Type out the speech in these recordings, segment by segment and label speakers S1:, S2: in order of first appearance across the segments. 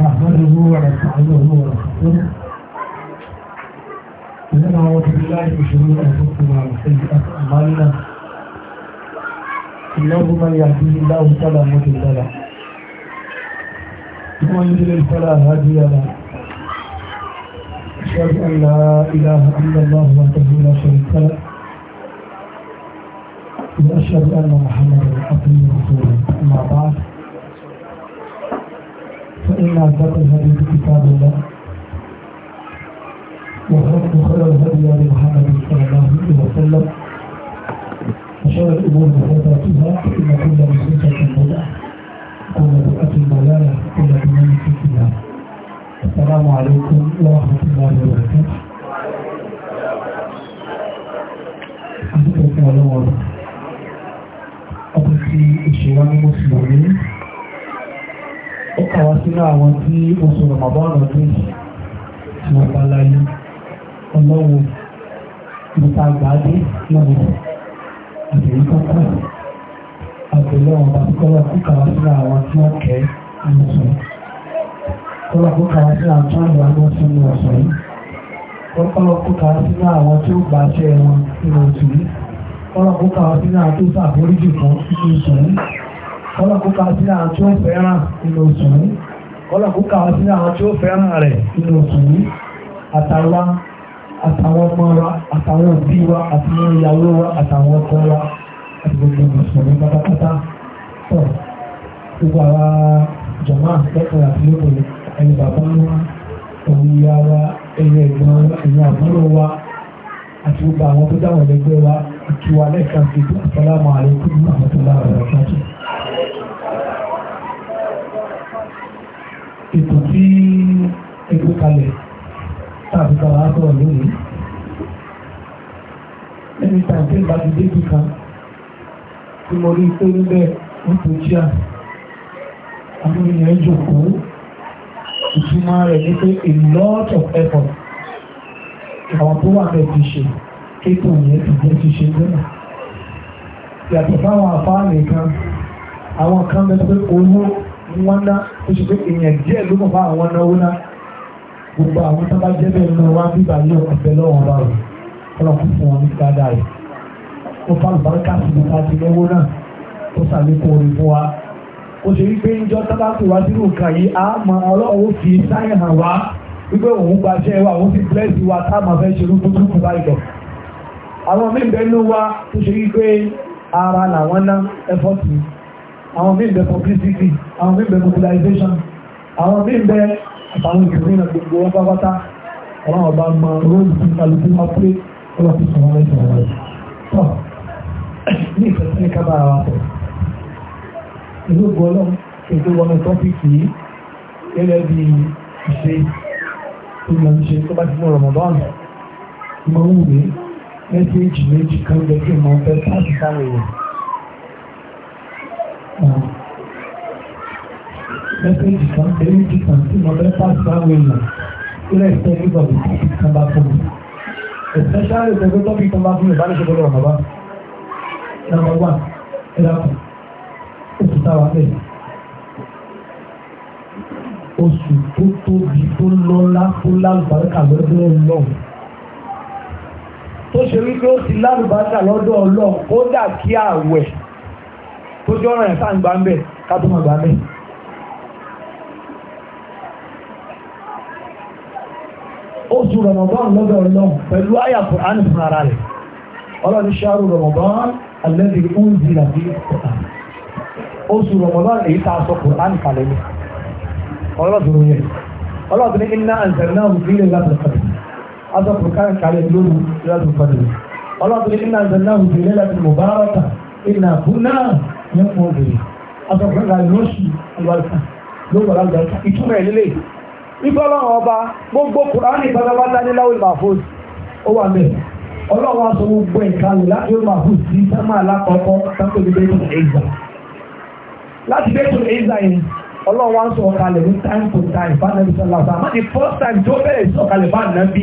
S1: نحمده ونستعينه ونستغفره أعوذ بالله من شرور انفسنا وسيئات اعمالنا انه من يهديه الله فلا مضل له ومن يضلل فلا هادي له اشهد ان لا اله الا الله وحده لا شريك له واشهد ان محمدا عبده ورسوله اما بعد فإن أصدق الحديث كتاب الله وخير خير الهدي لمحمد صلى الله عليه وسلم وشر الأمور محدثاتها فإن كل مسلمة بدعة كل بدعة ضلالة كل ضلالة في الله السلام عليكم ورحمة الله وبركاته Adúgbò fún ọlọ́wọ́ ọdún tí ìṣèwá ní ó kàwá sínú àwọn tí oṣù rọmọbọ́ọ̀nù ọdún yìí tí wọ́n bá láyé ọlọ́wọ́ nípa àgbáadé lọ́wọ́ àbẹ̀yí kọ́kọ́ àbẹ̀lẹ̀ wọn bá kọ́lọ̀ kó kàwá sínú àwọn tí wọ́n kẹ́ ẹnu sọ kọ́lọ̀ kó kàwá sínú àwọn tí wọ́n lọ àwọn sínú ọ̀sán yìí kọ́lọ̀ kó kàwá sínú àwọn tí ó gbàṣẹ wọn nínú oṣù yìí kọ́lọ̀ kó kàwá sínú àwọn tó sàbóríjì kan nínú ọ̀sán yìí kọ́lọ̀kúkà sí àwọn tí ó fẹ́ràn inú oṣù ní kọ́lọ̀kúkà sí àwọn tí ó fẹ́ràn rẹ̀ inú oṣù ní àtàwa àtàwọn ọmọ wa àtàwọn òbí wa àtàwọn ìyàwó wa àtàwọn ọkọ wa àti gbogbo mùsùlùmí pátápátá pọ̀ gbogbo àwa jọ̀mọ́ àtẹ́kọ̀ọ́ àti lóbìnrin ẹni bàbá wa òun ìyá wa ẹni ẹ̀gbọ́n ẹni àbúrò wa àti gbogbo àwọn tó dáwọn ẹgbẹ́ wa kí wà lẹ́ẹ̀kan sí i asalaamu alaykum wa rahmatulah ètò tí ẹgbẹ́ kalẹ̀ tàbí kàrà sọ̀rọ̀ lónìí ẹni tàbí ìbádìí débì kan tí mo rí pé níbẹ̀ ń tó jíà àwọn ènìyàn jòkóó ìtumọ̀ rẹ̀ ní pé a lot of effort àwọn tó wà bẹ́ẹ̀ ti ṣe. kíkùn yẹn ti se ṣíṣe lọ́nà yàtọ̀ fáwọn àfáàní kan àwọn kan bẹ pé owó nwanna, ná ó ṣe pé èèyàn díẹ̀ ló mọ̀ gbogbo àwọn taba jebe
S2: wa ó ṣe wípé ìjọ tábà pè wá sínú nǹkan yìí fi sáyẹn hàn wá wípé òun gbaṣẹ́ wa òun ti wa ta ma àwọn mímbẹ̀ẹ́nú wa tó ṣe wípé ara làwọn ná ẹfọ́tì àwọn mímbẹ̀ publicity àwọn mímbẹ̀ mobilization
S1: àwọn mímbẹ̀ àtàwọn ìgbìmọ̀ gbogbo ọba pátá ọlọ́run ọba mọ róòlù tí kálukú máa pé ọlọ́run ti sọ̀rọ̀ lẹ́sìn ọ̀rọ̀ rẹ̀ tọ́ ní ìfẹ́ sí ká bára wa sọ̀rọ̀ ìlú ògbó ọlọ́run ètò wọnú tọ́pìkì yìí gẹ́gẹ́ bí ìṣe tó yọ ń ṣe tó bá ti mú Ramadan máa ń mẹ́sẹ̀jì méjì kan lè fi mọ̀ fẹ́ láti sáré rẹ̀. Ah. mẹ́sẹ̀jì kan lè méjì kan tí mo fẹ́ láti sáré rẹ̀ sílẹ̀ ìfẹ́ nígbà tó kí kan bá fún mi. especially ìfẹ́ tó tọ́kì kan bá fún mi ìbánisọ̀ tó lọ́wọ́ bàbá. number one ẹ dákun oṣù táwa bẹ́ẹ̀ oṣù tó tóbi tó lọ́lá tó lálùbáríkà lọ́dún ọlọ́run
S2: tó ṣe wípé ó ti lálùbáṣà lọ́dọ̀ ọlọ́run ó dà kí àwẹ̀ tó jọ ọ̀ràn ẹ̀fà ń gbà ń bẹ̀ ká tó máa gbà ń bẹ̀. oṣù rọmọbọ́n lọ́dọ̀ ọlọ́run pẹ̀lú àyà Kùránì fún ara rẹ̀ ọlọ́run ṣáàrù rọmọbọ́n alẹ́bí ń zi làbí oṣù rọmọbọ́n èyí azọ́pọ̀ kára kàlẹ̀ lóru lọ́dún fọdù ọlọ́dún iná zanna hù bèrè láti mubaraka iná búná ní mú bèrè azọ́pọ̀ kára lóṣù albarka lóru albarka ìtumọ̀ ìlélẹ̀ ibà ọlọ́run ọba gbogbo kùránì pátápátá ní láwùl mahfuz ó wà bẹ́ẹ̀ ọlọ́run aṣọ gbogbo ìkàlẹ̀ láti ó mahfuz sí sámà alákọ̀ọ́kọ́ sákòlì bẹ́ẹ̀ ìgbà láti bẹ́ẹ̀ ìgbà yẹn ọlọ́run wá ń sọ̀kalẹ̀ ní time to time bá nàbí sọ̀kalẹ̀ bá nàbí first time tó bẹ̀rẹ̀ sọ̀kalẹ̀ bá nàbí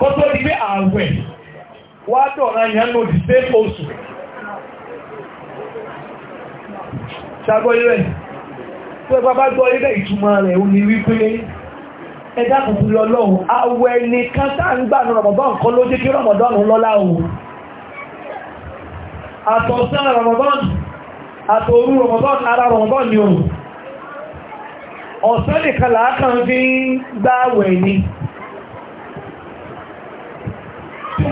S2: kó tó di pé ààwẹ̀ wá dọ̀ra yẹn di pé oṣù ṣàgbọ́ ilẹ̀ tó ẹgbà bá gbọ́ ilẹ̀ ìtumọ̀ rẹ̀ ò ní wípé ẹ̀dá kùkù lọ lọ́wọ́ àwẹ̀ nìkan tá ń gbà ní Ramadan kan ló jẹ́ kí ara Ramadan ni o ọ̀sán nìkan làákan fi ń gbà ni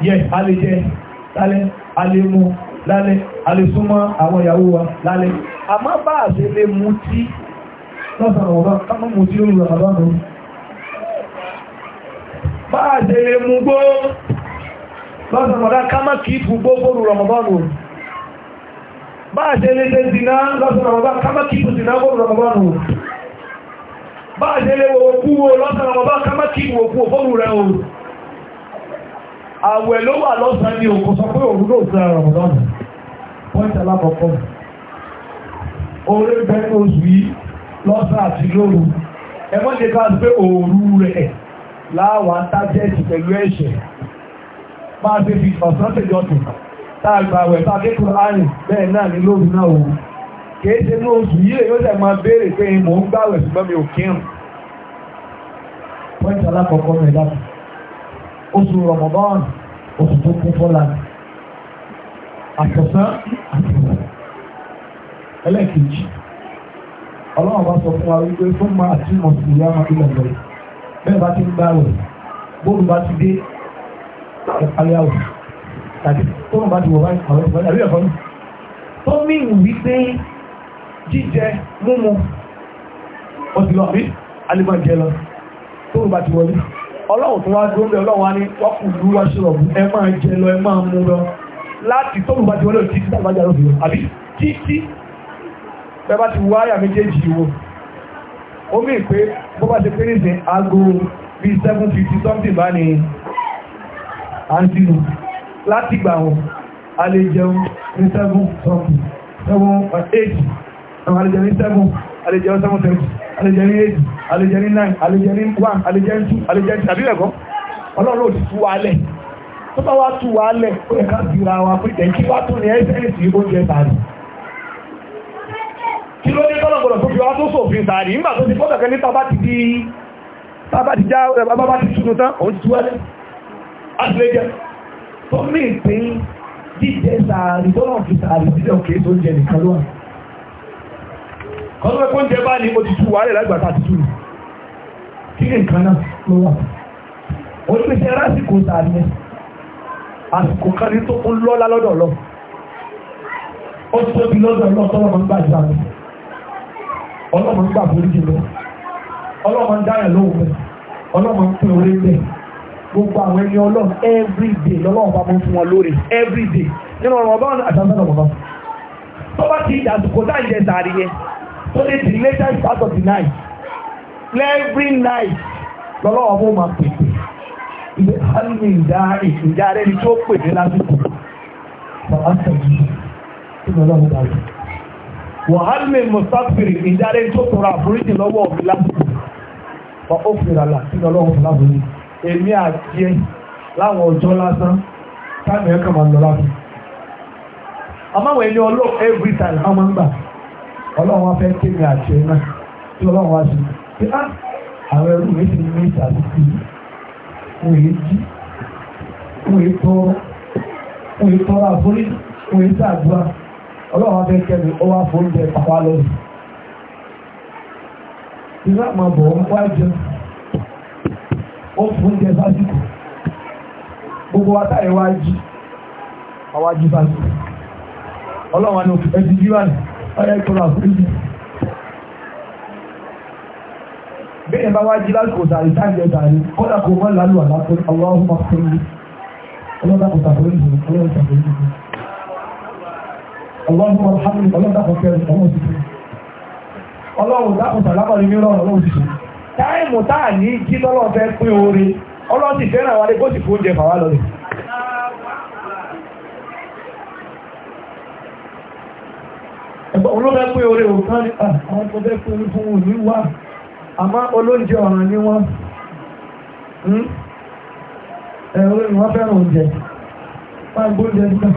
S2: yẹ alẹ́ jẹ lálẹ́ alẹ́ mu lálẹ́ alẹ́ súnmọ́ àwọn ìyàwó wa lálẹ́ àmọ́ bá a ṣe lè mú tí lọ́sàn àwọn ọba kámọ́ mú tí ó rú àbá mi bá a ṣe lè mú gbó lọ́sàn àwọn ọba kámọ́ fún gbogbo rú Ramadan o bá a ṣe lè ṣe dìná lọ́sàn àwọn ọba kámọ́ fún dìná gbogbo Ramadan o bá a ṣe lè wo àwẹ̀ ló wà lọ́sàn ní òkú sọ pé òun ló sọ ẹ̀rọ lọ́nà pọ́ǹtì alákọ̀ọ́kọ́ orí bẹ́ẹ̀ oṣù yìí lọ́sàn àti lóru ẹgbọ́n ti ká pé òru rẹ̀ láwà tájẹ́ẹ̀tì pẹ̀lú ẹ̀ṣẹ̀ máa fi fi ọ̀sán tẹ̀jọ́ tù táàgbà àwẹ̀ tá kékeré àrùn bẹ́ẹ̀ náà ní lóru náà o kìí ṣe ní oṣù
S1: oṣù Ramadan oṣù tó kún fọ́lá àtọ̀sán
S2: àtọ̀sán ẹlẹ́ẹ̀kejì ọlọ́run bá sọ fún wa wípé fún ma àti mọ̀ sí ìyá máa ilẹ̀ lọ́yẹ̀ bẹ́ẹ̀ bá ti ń gbá rẹ̀ bóòlù bá ti dé ẹ̀pálẹ́ àwọ̀ tàbí tóun bá ti wọ̀ báyìí àwọn ẹ̀fọ́ àbí ẹ̀fọ́ tó mìíràn wípé jíjẹ múmu ọtí lọ àbí alẹ́ máa jẹ lọ tóun bá ti wọlé ọlọ́run tó wá dúró lé ọlọ́run wá ní wọ́pù lú wá ṣọ́ọ̀bù ẹ máa jẹ lọ ẹ máa mú lọ láti tó bùbá ti wọlé òtí títà bá jáde òfin àbí títí bẹ́ẹ̀ bá ti wá àyà méjèèjì wo ó mì pé bó bá ṣe pé ní ìsìn bí seven fifty something bá ní àǹtínú láti gbà wọn a lè jẹun ní seven something seven eh, eight àwọn àlejò ní seven àlejò seven thirty alẹ́jẹ̀rin eight alẹ́jẹ̀rin nine alẹ́jẹ̀rin one alẹ́jẹ̀rin two alẹ́jẹ̀rin tàbí ẹ̀kọ́ ọlọ́run ò sì tú wa lẹ̀ tó bá wá tú wa lẹ̀ ó yẹ ká bíra wa pé jẹ́ kí wá tún ní ẹ́sẹ̀ǹsì oúnjẹ tààrí kí ló dé tọ́lọ̀ gbọ́dọ̀ tó fi wá tó sòfin tààrí nígbà tó ti fọ́tọ̀ kẹ́ni tábà ti di tábà ti já bábá ti túnú tán òun ti tú wa lẹ̀ àtìlẹ́jẹ̀ tó mí ìpín jíjẹ tààrí tọ́lọ̀ fi tààrí sílẹ̀ òkè tó jẹ nìkan lóhùn kọ́lọ́wẹ́ kó ń jẹ bá ní o ti tú wàhálẹ̀ lágbàtà ti tú kí ni nǹkan náà ló wà ó ní pèsè lásìkò tàbí àsìkò kan ní tó ń lọ́lá lọ́dọ̀ lọ ó ti tóbi lọ́dọ̀ lọ tọ́lọ́mọ ń gbà ìgbà mi ọlọ́mọ ń gbà borí jù lọ ọlọ́mọ ń dáyà lóhùn bẹ́ẹ̀ ọlọ́mọ ń pín orí bẹ́ẹ̀ gbogbo àwọn ẹni ọlọ́run everyday lọ́lọ́run bá mọ́ fún wọn lórí everyday nínú ọ̀rọ̀ ọba àtàwọn ọ̀rọ̀ tó bá ti dàsìkò táyì jẹ sàárì yẹn only the latest part of the night every night lọ́lọ́wọ́ mú ma pèpè ilé hálùmí ìdáre ìdáre ní tí ó pèpè lásìkò bàbá sọ̀rọ̀ tí lọ́lọ́wọ́ in rẹ̀ wọ̀ hálùmí the ìdáre tó tọrọ àforíjì lọ́wọ́ the lásìkò wọ́n ó fi ràlà tí lọ́lọ́wọ́ bá rẹ̀ èmi àti ẹ̀ láwọn ọjọ́ lásán táàmì ẹ̀kọ́ máa ń lọ láti àmọ́ àwọn ẹni ọlọ́ every time a máa ọlọ́run afẹ́ kémi àti ẹ̀ náà tí ọlọ́wọ́ wá sí
S1: pé á ah, àwọn ẹrú mi ti ní ìsàlùkù òye jí
S2: òye tọrọ òye tọrọ àforí òye sàdúrà ọlọ́run afẹ́ kémi ó wá fún oúnjẹ pàpà lọ máa bọ̀ ọ́n wá ó fún sásìkò gbogbo wa táyé sásìkò ni ọ̀rẹ́ bẹ́ẹ̀ bá wá jí lásìkò sàrí táàgì ọ̀tà rí kò mọ́ lálù àlàfo ọlọ́run máa fún mi ọlọ́dà kò olóbẹ́ pé orí òkan ní àwọn tó bẹ́ pé orí fún òní wà àmá olóúnjẹ ọ̀ràn ní wọ́n hmm? ẹ̀rọ ìwọ́n fẹ́ràn oúnjẹ máa gbóúnjẹ nígbà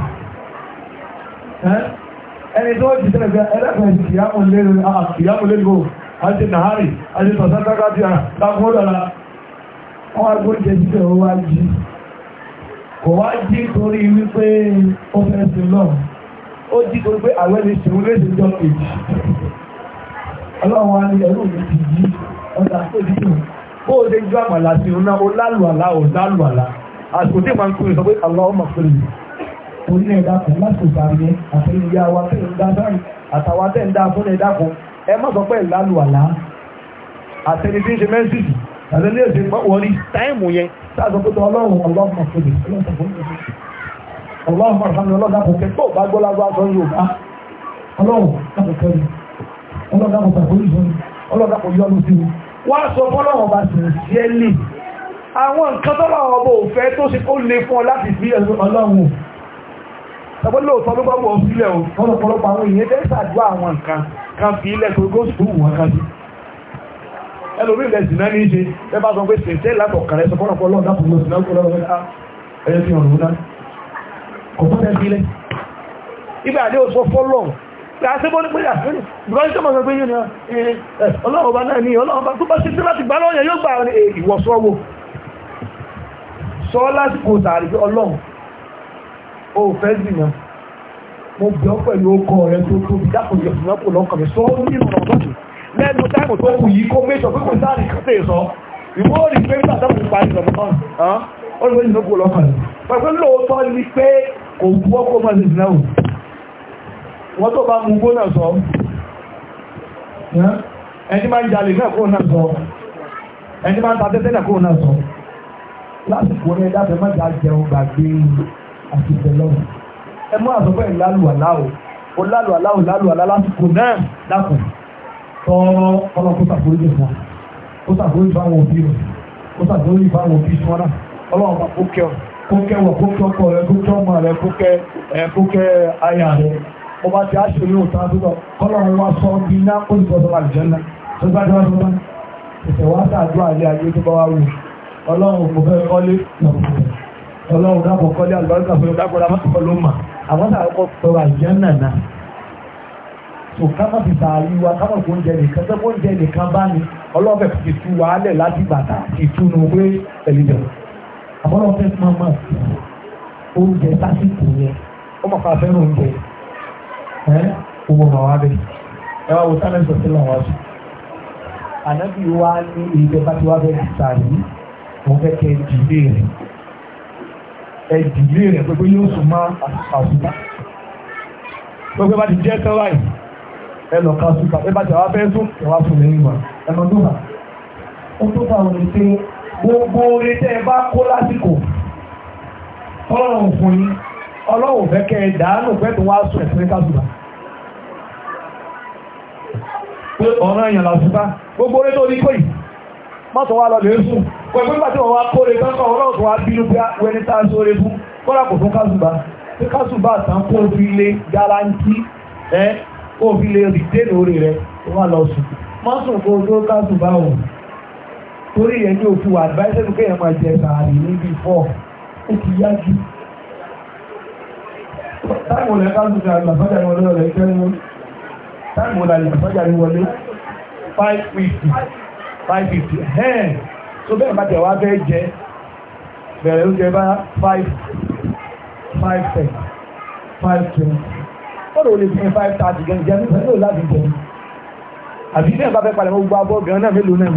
S2: ẹni tó ti tẹ́lẹ̀ fẹ́ ẹlẹ́fẹ̀ẹ́ ìyámúlélò àti nàárì àti tọ̀sántákàtì àtàkùnlọ́lá wọ́n agbóúnjẹ jíjẹ ó wá jí kò wá jí torí wípé ó fẹ́ sí lọ́wọ́ ó jí tó pé àwọn ẹni ṣe wúlé ìjọ kejì ọlọ́run wa ní ẹ̀rù mi ti yí ọ̀dà tó jí tó bó o ṣe ju àmàlà sí ọ̀nà ó lálù àlá ò lálù àlá àsìkò tí màá ń kúrò sọ pé àlọ́ọ̀mà pẹ̀lú torí náà ẹ̀dá kan láti òkà mi àti ìyá wa tẹ̀ ń dá sáré àtàwa tẹ̀ ń dá fún ẹ̀dá kan ẹ má sọ pé lálù àlá àtẹni tí ń ṣe mẹ́sìsì àtẹni tí ń ọlọ́run ọlọ́run ọ̀fẹ́ ọlọ́run máa sàmì ọlọ́run dàpọ̀ kẹ́ tó bá gbọ́ lágbó aṣọ yorùbá ọlọ́run dàpọ̀ kẹ́rì ọlọ́run dàpọ̀ tàkórí sọ́ni ọlọ́run dàpọ̀ yọ́nu sí mi wá sọ fọ́lọ́run ọba sì sí ẹ́ lè àwọn nǹkan tọ́lọ́run ọba ò fẹ́ tó ṣe kó le fún ọ láti fi ọlọ́run ẹgbẹ́ lóòótọ́ ló bá wọ̀ sílẹ̀ o lọ́pọ̀lọpọ̀ àwọn èèyàn tẹ́ ṣàdúrà àwọn nǹkan kan fi ilẹ̀ tó gbó sùúrù wọn kan sí ẹlòmí ilẹ̀ ìsìnà ní ṣe ẹ bá sọ pé ṣèṣẹ́ ìlàtọ̀ kàrẹ́ sọ kò gbọ́dọ̀ sílẹ̀ ibà àdé òsọ fọ́lọ̀ láàṣẹ́bọ́ ní pẹ́lú àṣírí ìgbọ́n tó mọ̀ sọ pé yóò ní eh, eh, ọlọ́run bá náà ní ọlọ́run bá tó bá ṣe tí láti gbá lọ́yẹ̀ yóò gbà eh, ìwọ̀sọ́wọ́ sọ lásìkò tààrí pé ọlọ́run ó fẹ́ zìnà mo bẹ̀ ọ́ pẹ̀lú ọkọ̀ rẹ tó tóbi dákòó yọ̀ fún ọkọ̀ lọ́kàn mi sọ ó ní ìrọ̀rọ̀ lọ́dún lẹ́nu táìmù tó kù yìí kó mẹ́sọ̀ pé kò sáà olùgbé ìlú kò lọ́kàn pẹ̀lú lóòótọ́ ni pé kò bú ọkọ̀ mọ́ ìsìn náà wọ́n tó bá mú gbó náà sọ ẹni máa ń jalè náà kó náà sọ ẹni máa ń ta tẹ́tẹ́ náà kó náà ní ẹ̀dá fẹ́ má jẹun gbàgbé àti ìtẹ̀lọ́rùn o ó lálùwàlá o lálùwàlá lásìkò náà dákùn fáwọn òbí rẹ̀ ó sàkóríjì fáwọn òbí tí ọlọ́run kó kẹ́ ọ kó kẹ́ wọ̀ kó kẹ́ ọkọ rẹ kó kẹ́ ọmọ rẹ kó kẹ́ ẹ kó kẹ́ aya rẹ mo bá ti á ṣe yóò tán tó lọ kọ́lọ́run wá sọ bí iná ó lè sọ sọ́mà ìjẹ́ ńlá tó bá dáwà tó bá ìṣẹ̀ wá sàdúrà ilé ayé tó bá wá wù ọlọ́run mo fẹ́ kọ́lé ọlọ́run dápọ̀ kọ́lé àlùbáríkà fún dápọ̀ dápọ̀ kọ́ ló mà àwọn sàkọ́ sọ̀rọ̀ àìjẹ́ náà náà so ká má fi sàárì wa ká má fi oúnjẹ tu wàhálẹ̀ láti bàtà ìtùnú pé ẹ̀lẹ́dẹ̀ẹ́ àmọ́nà fẹ́ máa máa sí oúnjẹ sásìkò yẹn ó mọ̀ fà fẹ́ràn oúnjẹ
S1: ẹ́ owó màá wá bẹ̀ ẹ wá wo sálẹ̀ sọ̀tí làwọn aṣọ ànábì wa ní ìgbẹ́ bá ti wá bẹ̀ sàrí mo fẹ́ kẹ́ ìdílé
S2: rẹ̀ ẹ ìdílé rẹ̀ pé yóò sùn má àṣùbá gbogbo bá ti jẹ́ tán báyìí ẹ lọ ká sùn bá bá ti wá fẹ́ sùn ẹ wá sùn lẹ́yìn wa ẹ lọ dùn bá ó tó bá wọn gbogbo orí tẹ́ ẹ bá kó lásìkò ọlọ́run fún yín ọlọ́run fẹ́ kẹ́ ẹ dàánù fẹ́ tó wá sùn ẹ̀sìn kásùbà pé ọ̀ràn èèyàn làṣùbá gbogbo orí tó ní pé mọ́tò wá lọ lè sùn pẹ̀lú nígbà tí wọ́n wá kóre tọ́kọ̀ ọlọ́run tó wá bínú pé ah, wẹni tá a sóre fún kọ́lá kò fún kásùbà pé kásùbà tán kó fi lé garanti ẹ kó fi lé rìdéèlì orí rẹ tó wá lọ sùn torí yẹn ní òfin wà advice ẹnu kéèyàn máa jẹ sàárì níbi fọ́ ó ti yá jù. táìmù lẹ káàtó ní àlùfáàjà ní wọlé ọ̀lẹ́ ìfẹ́ ní wọlé táìmù lẹ àlùfáàjà ní wọlé five fifty five fifty hẹ́ẹ̀ tó bẹ́ẹ̀ bá tẹ̀ wá fẹ́ jẹ bẹ̀rẹ̀ oúnjẹ bá five five ten five twenty fọ́dọ̀ olè fi five thirty gẹ̀ẹ́gẹ́ nípa ní òun láti jẹun àbí bí ẹ̀ bá fẹ́ palẹ̀mọ́ gbogbo abọ́ gan náà mélòó náà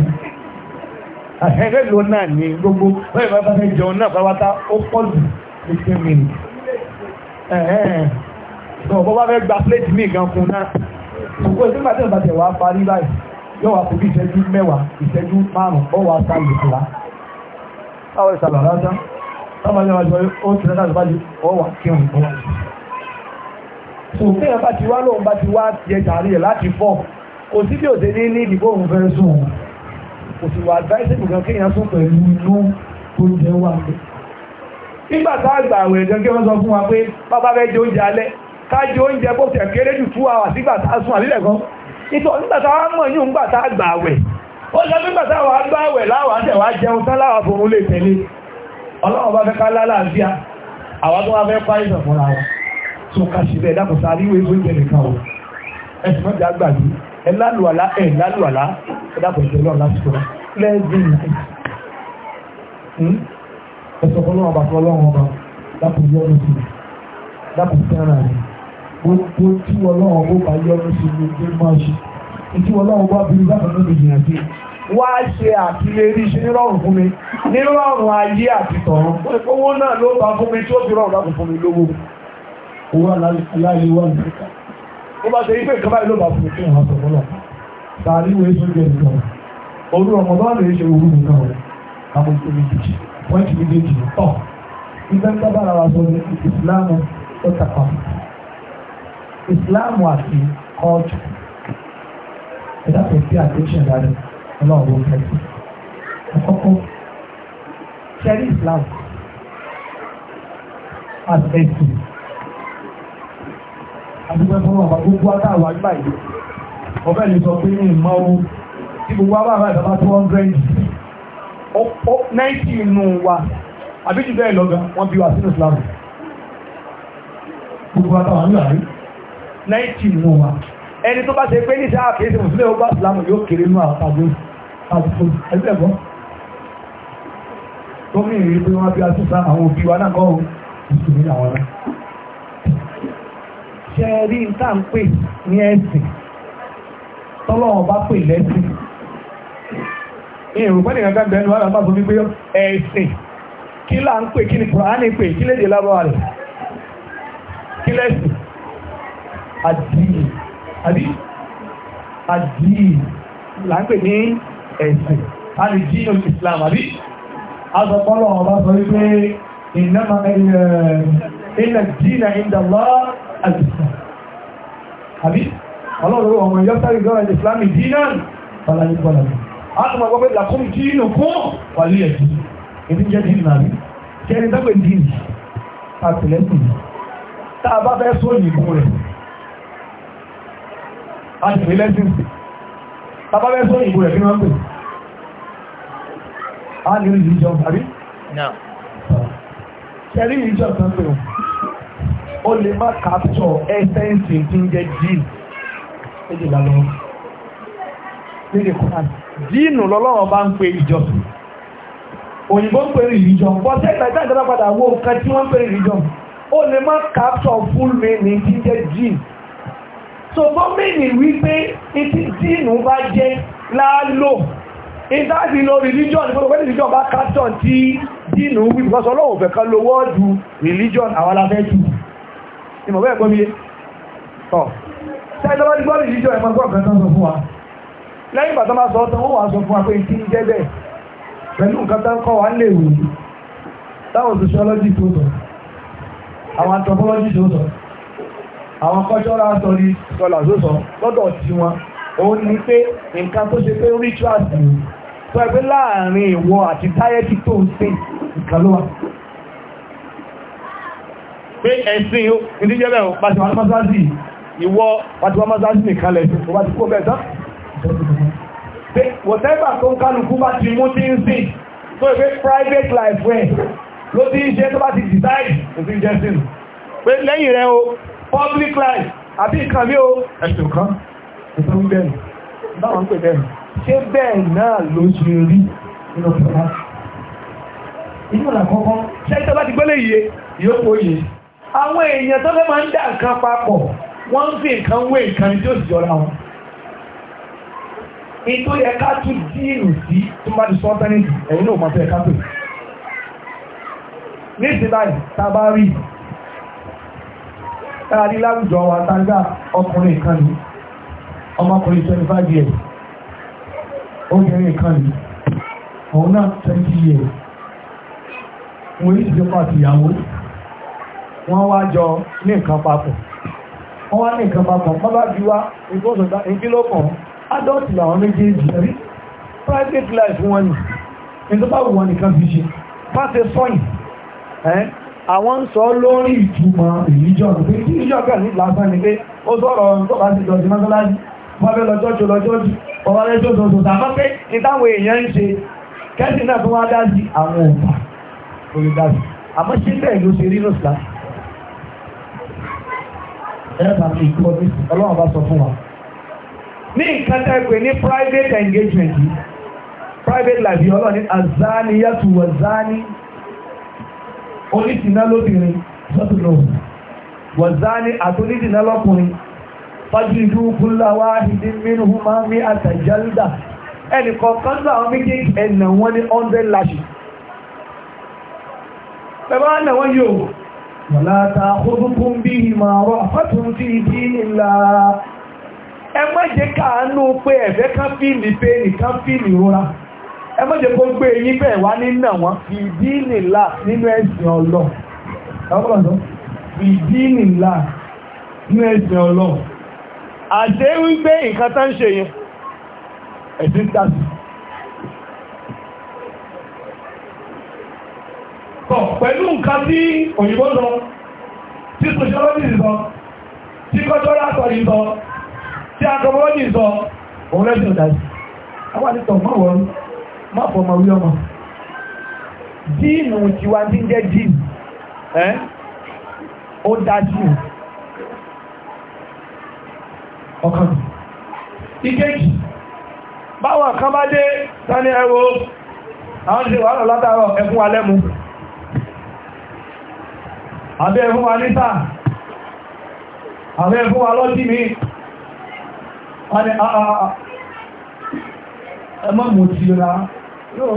S2: àṣẹrẹ lò náà ní gbogbo bẹ́ẹ̀ bá bá fẹ́ jẹun náà pàápàá ó pọ̀ jù fifteen minutes ọ̀bọ̀ bá fẹ́ gba plate mi gan fún náà gbogbo ìdí màtí ìgbà tẹ̀wà parí báyìí yóò wá kóbi ìṣẹ́jú mẹ́wàá ìṣẹ́jú márùn-ún ó wà sá lè fúra táwọn ìsàlọ̀ aláta táwọn ìjọba jọ ó ti rẹ́ta ìjọba jù ó wà kírun ó wà sùn tí ìyẹn bá ti wá kò sì wà advice nìkan kéèyàn tún pẹ̀lú inú oúnjẹ wà pé nígbà tá àgbà àwẹ̀ ẹ̀jọ́ kí wọ́n sọ fún wa pé bàbá fẹ́ jẹ oúnjẹ alẹ́ ká jẹ oúnjẹ bó tẹ̀ kéré jù fún wa sígbà tá a sùn àlílẹ̀ kan nítorí nígbà tá a mọ̀ yóò nígbà tá àgbà àwẹ̀ ó sọ nígbà tá àwọn àgbà àwẹ̀ láwà ń tẹ̀wà jẹun tán láwà fòrún lè tẹ̀lé ọlọ́run ẹ lálùwàlá ẹ lálùwàlá ẹ dàpọ̀ ìṣẹ́ lọ́wọ́ lásìkò rẹ̀ lẹ́ẹ̀dín náà ẹ̀sọ̀ hmm? fún ọba
S1: fún ọlọ́run ọba dàpọ̀ yọ́nù sí i dàpọ̀ fẹ́ràn rẹ̀ gbogbo tí
S2: ọlọ́run ọba bá yọ́nù sí i ló máa ṣe ìtí ọlọ́run ọba bí bákan náà lè jìnà sí i wá ṣe àtìlérí ṣe nírọ̀rùn fún mi nírọ̀rùn ayé àti tọ̀run owó náà ló bá fún mi tí ó fi rọrùn láti fún mi lówó owó aláìlú wà nìkan ó bá ṣe ipé ìkọ́bá ìlú bàbá fún ìfihàn àtọ̀lọ́lọ́ tààrí ìwé tó jẹ́ nìkan olú ọmọ bá lè ṣe orú nìkan rẹ̀ àwọn ìpè méjì pọ́ǹtì méjèèjì tọ̀
S1: ìgbà ń bá ara wa sọ ní ìsìláàmù tó tàpá ìsìláàmù àti kọ́ọ̀tù ẹ̀dá kò sí àtẹ́sẹ̀ dáadáa ọlọ́run ló fẹ́ sí àkọ́kọ́ ṣẹ́rí ìsìláàmù àti ẹ̀sìn àdúgbẹ́ fún
S2: ọba gbogbo àtàwà gbà yìí ọbẹ̀ lè sọ pé ní ìmọ̀ o tí gbogbo àbára ìdábá 200 90 inú wa àbí jù bẹ́ẹ̀ lọ́gán wọ́n bí wa sínú Islam gbogbo àtàwà ń láàrí 90 inú wa ẹni tó bá ṣe pé níṣẹ́ àkíyèsí mùsùlùmí ọgbà Islam yóò kéré nú àwọn àgbò àdúgbò ẹgbẹ̀gbọ́ tó mìíràn pé wọ́n bí wa sí Islam àwọn òbí wa náà kọ́ ṣe rí nǹka ń pè ní ẹ̀sìn tọ́lọ́wọ́n bá pè lẹ́sìn èrò pẹ́ nìkan gbẹ́nu wà lábá sọ wípé ẹ̀sìn kí là ń pè kí ni Kùránì pè kí léde lábáwá rẹ̀ kí lẹ́sìn àdìyí àbí àdìyí là ń pè ní ẹ̀sìn a lè jí ní Islam àbí azọ̀pọ̀lọ̀ ọba sọ wípé ìnáma ilẹ̀ dínà ìdàlọ́ àgbẹ̀sà àbí ọlọ́run ọmọ yọ́tàrí lọ́rọ̀ ilẹ̀ islam dínà fàlàyé bọ́lá mi a tún máa gbọ́ pé làkún dínà kún wàlú ẹ̀dí ẹ̀dí jẹ́ dínà náà rí kí ẹni dápẹ́ dínà àtìlẹ́sìn tá a bá fẹ́ sóyìn ìbú rẹ̀ àtìlẹ́sìn tá a bá fẹ́ sóyìn ìbú rẹ̀ kí wọ́n pè á ní ìjọ àbí kẹrí ìjọ kan ó lè má capture essence tí ń jẹ́ jíìn méjì lálọ́ lédè Quran jíìnù lọ́lọ́wọ́ bá ń pe ìjọsìn òyìnbó ń pe religion bọ́sẹ̀ ìgbàjá ìjọba padà wo nǹkan tí wọ́n ń pe religion ó lè má capture full meaning tí ń jẹ́ jíìn so gómìnì wípé etí jíìnù bá jẹ́ láálò ìdájí lo religion ní pẹ́lú religion bá capture tí jíìnù wípé sọ́lọ́wọ́ fẹ́ kan lo wọ́ọ̀dù religion àwọn aláfẹ́ jù ìmọ̀wé ẹ̀kọ́ mi tọ̀ ṣáìlọ́wọ́ ní gbọ́dọ̀ ìjíjọ ẹ̀mọ́ gbọ́ kan sọ fún wa lẹ́yìn bàtà máa sọ tán wọ́n wà sọ fún wa pé ìdí ń jẹ́ bẹ́ẹ̀ pẹ̀lú nǹkan tá ń kọ́ wa ń lè wò ó táwọn sociology tó sọ àwọn anthropology tó sọ àwọn cultural study scholars tó sọ lọ́dọ̀ tí wọn òun ni pé nǹkan tó ṣe pé rituals ni tó ẹgbẹ́ láàrin ìwọ àti táyẹ́tì tó ń sìn nǹkan ló wà pé ẹ̀sìn yóò ní jẹ́bẹ̀ ò pàtíwà mọ́sáàsì ìwọ pàtíwà mọ́sáàsì nìkan lẹ̀ tó bá ti kó bẹ́ẹ̀ tán pé whatever tó ń kálukú bá ti mú tí ń sìn tó ìpé private life rẹ̀ ló ti ń ṣe tó bá ti decide kò sí jẹ́ sínú pé lẹ́yìn rẹ̀ o public life àbí nǹkan bí o ẹ̀sùn kan ìtọ́ ń bẹ̀rù báwọn ń pè bẹ̀rù ṣé bẹ́ẹ̀ náà ló ṣe rí nínú ọ̀pọ̀lọpọ̀ inú ọ̀làkọ́kọ́ ṣé ìjọba ti gbélé yìí yóò pòye àwọn èèyàn tó fẹ́ máa ń dá nǹkan papọ̀ wọ́n ń fi nǹkan wé nǹkan tí ó sì jọra wọn
S1: ètò yẹ tún
S2: díìlù sí tó bá ti sọ ọ́tẹ́nìtì ẹ̀yìn náà máa fẹ́ ká pè ní láwùjọ 25 years obìnrin
S1: kan ní òun náà 20 years wọ́n yìí ti
S2: pàtìyàwó wọ́n wá jọ ní nǹkan papọ̀ wọ́n wá ní nǹkan papọ̀ wọ́n bá bí wá ìgbóṣọ̀dá ìgbílọ́kàn adult làwọn méjèèjì rí private life wọn ni ìjọba wọn nìkan fi ṣe bá ṣe sọ́yìn ẹ́ àwọn ń sọ lórí ìtumọ̀ religion pé religion kan ní lásán ni pé ó sọ̀rọ̀ tó bá ti dọ̀tí mọ́sálásí wọ́n fẹ́ lọ jọ́jú lọ jọ́jú ọba lẹ́jọ́ tó sọ̀tà mọ́ pé ìtàwọn èèyàn ń ṣe kẹ́sì náà tó wá dá sí àwọn ọ̀pá lórí dá sí àmọ́ ṣílẹ̀ ló ṣe rí lọ́sàn-án ẹ̀ẹ́dà fi kọ́ ní ọlọ́run bá sọ fún wa. ní nǹkan tá a pè ní private engagement yìí private life yìí ọlọ́run ní azani yàtù wazani onísìnà lóbìnrin sọ́tún náà wazani àtúnídìnà lọ́kùnrin fájìlú kúláwá ìdínmínú máa ń rí àtàjálùdà ẹnì kọ̀ọ̀kan náà àwọn méjèèjì ẹ̀nà wọn ní hundred lashes. bẹ́ẹ̀ bá wà náà wọ́n yóò ولا تأخذكم بهما رأفة في دين الله ẹ má jẹ́ káàánú pé ẹ̀fẹ́ kan fíìlì péènì kan fíìlì ìrora ẹ má jẹ́ kó gbé eyín bẹ́ẹ̀ wá nínú àwọn fi díìnì ńlá nínú ẹ̀sìn ọlọ́ fi díìnì ńlá nínú ẹ̀sìn ọlọ́ àṣẹ wípé nǹkan tá ń ṣe yẹn ẹ̀sìn tàbí tọ̀ pẹ̀lú nǹkan tí òyìnbó sọ tí sociologist sọ tí Kọjọ́lá study sọ tí anthropology sọ òun lẹ́sìn ọ̀dà sí àwọn àti tọ̀ mọ́ fọ ọmọ jẹ́ ẹ́ ó ọkàn báwọn kan bá dé sani ẹwọ abẹ́ fún wa nítà abẹ́ fún wa lọ́tí mi wọ́n ni àà ẹmọ́ mọ̀ tí ó náà yóò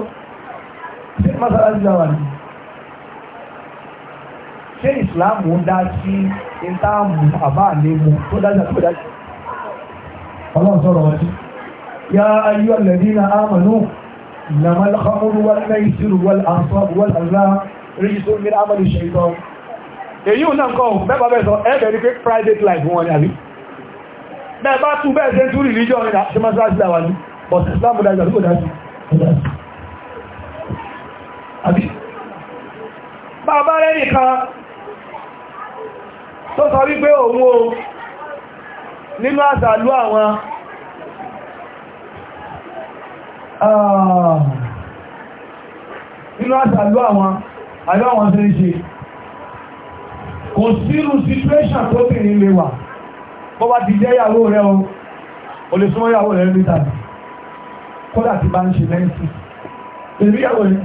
S2: tí mọ́sálásí dáwà ní ṣe ìsìláàmù dá sí ìtààmù àbá àlémù tó dájá tó dájá ọlọ́run sọ̀rọ̀ ọdí ya ayyọ́ lẹ́dí na ámànú ìlàmàlá wal maisiru wal ansab wal azlam rí èyí ò náà kọ́ bẹ́bà bẹ́ sọ ẹ́bẹ̀ ní pé private life wọn ni àbí bẹ́ẹ̀bá tún bẹ́ẹ̀ ṣe ń tún religion ní àṣímọ́sáàsì dáwà ní but Islam dájú àdúgbò dájú àbí bàbá rẹ̀ nìkan tó sọ wípé òun o nínú àṣàlú àwọn ah, nínú àṣàlú àwọn àjọ àwọn tó ń ṣe kò sírù situation tó bìnrin lè wà bó bá ti jẹ́ ìyàwó rẹ o ò lè súnmọ́ ìyàwó rẹ níta kódà ti bá ń ṣe lẹ́ǹsì èmi ìyàwó rẹ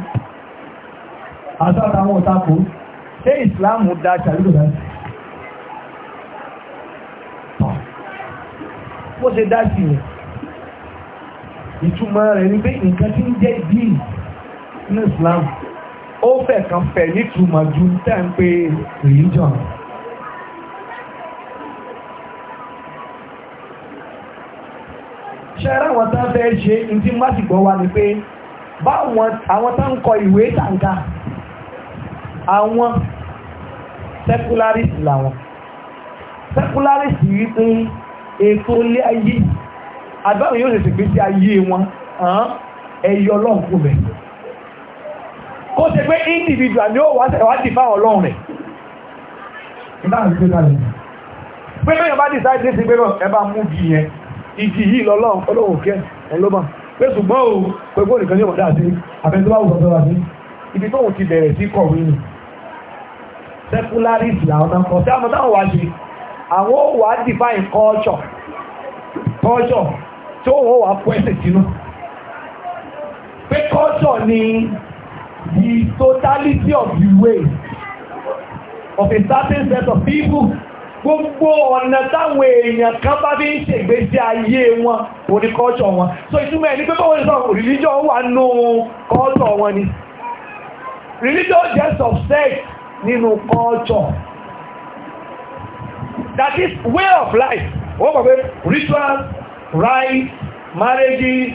S2: àtàwọn àwọn òtakò ṣé ìsìláàmù dá ṣàlùkò dá bó ṣe dá sí rẹ̀ ìtumọ̀ rẹ̀ ní pé nǹkan tí ń jẹ́ ìdí ní ìsìláàmù ó fẹ̀ kan fẹ̀ nítumọ̀ ju tẹ́ ń pè religion. ṣẹ́rẹ́ àwọn tán fẹ́ ṣe ní má sì gbọ́ wa ni pé báwọn àwọn tán kọ ìwé tàǹkà àwọn secularist làwọn secularist yìí pé ètò ilé ayé àgbáwọn yóò lè ṣègbésí ayé wọn ẹ̀yọ́ lọ́nkú bẹ̀rẹ̀ kó ṣe pé individual ni ó wá ṣẹ̀wádìí fáwọn ọlọ́run rẹ̀ pé mẹ́yàn bá decide ní sí pé ẹ bá mú bí yẹn ìdí yìí lọ́lọ́run ọlọ́run kẹ́ ọlọ́mà pé ṣùgbọ́n o pé kó nìkan ní ọmọdé àti abẹ́ntọ́láwò sọ́sọ́lá sí ibi tóun ti bẹ̀rẹ̀ sí kọ̀wé nì secularist làwọn náà kọ́ sí àwọn táwọn wá ṣe àwọn ó wá define culture culture tí ó wọ́n wá fún ẹ̀sẹ̀ sínú ni the totality of the way of a certain set of people gbogbo ọ̀nà táwọn èèyàn kan bá fi ń ṣègbésí ayé wọn òní culture wọn so ìtumọ̀ ní pẹ́pẹ́ wọ́n sọ religion wà nù culture wọn ni religion just of sex nínú culture that is way of life wọ́n pọ̀ pé rituals rites marriages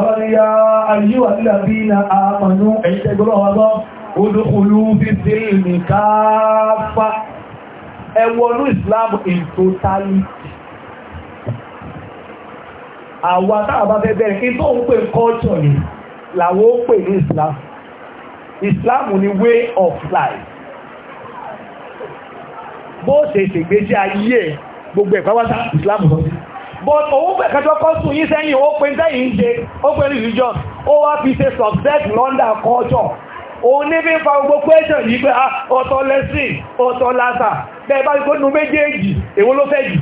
S2: ọ̀rọ̀lẹ́yà ayíwà nílàbí na àmànú ẹ̀yìntẹ́gbọ́rọ̀ ọgbọ́ olókòlú fífí ìmì káàfà ẹwọ̀nú Islam in totality àwọn àtàbà bẹ̀bẹ̀rẹ̀ kí tó ń pè culture ni làwọ́ pè ní Islam Islam ni way of life bó ṣe ṣègbésí ayé gbogbo ẹ̀pàwátá Islam but òun fẹ́ kẹjọ kọ́ sùn yín sẹ́yìn ó pín sẹ́yìn ń ṣe ó religion ó wá fi ṣe subject London culture òun ní fi fa gbogbo question yìí pé ah, ọ̀tọ̀ lẹ́sìn ọ̀tọ̀ lásà bẹ́ẹ̀ bá méjèèjì èwo ló fẹ́ jù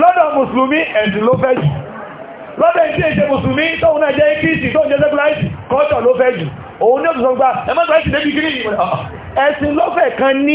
S2: lọ́dọ̀ mùsùlùmí ẹ̀sìn ló fẹ́ jù lọ́dọ̀ ìdí èṣe mùsùlùmí tóun náà jẹ́ kíìsì tó jẹ́ sẹ́kùláìsì culture ló fẹ́ jù òun ní ọ̀tọ̀ sọ ah,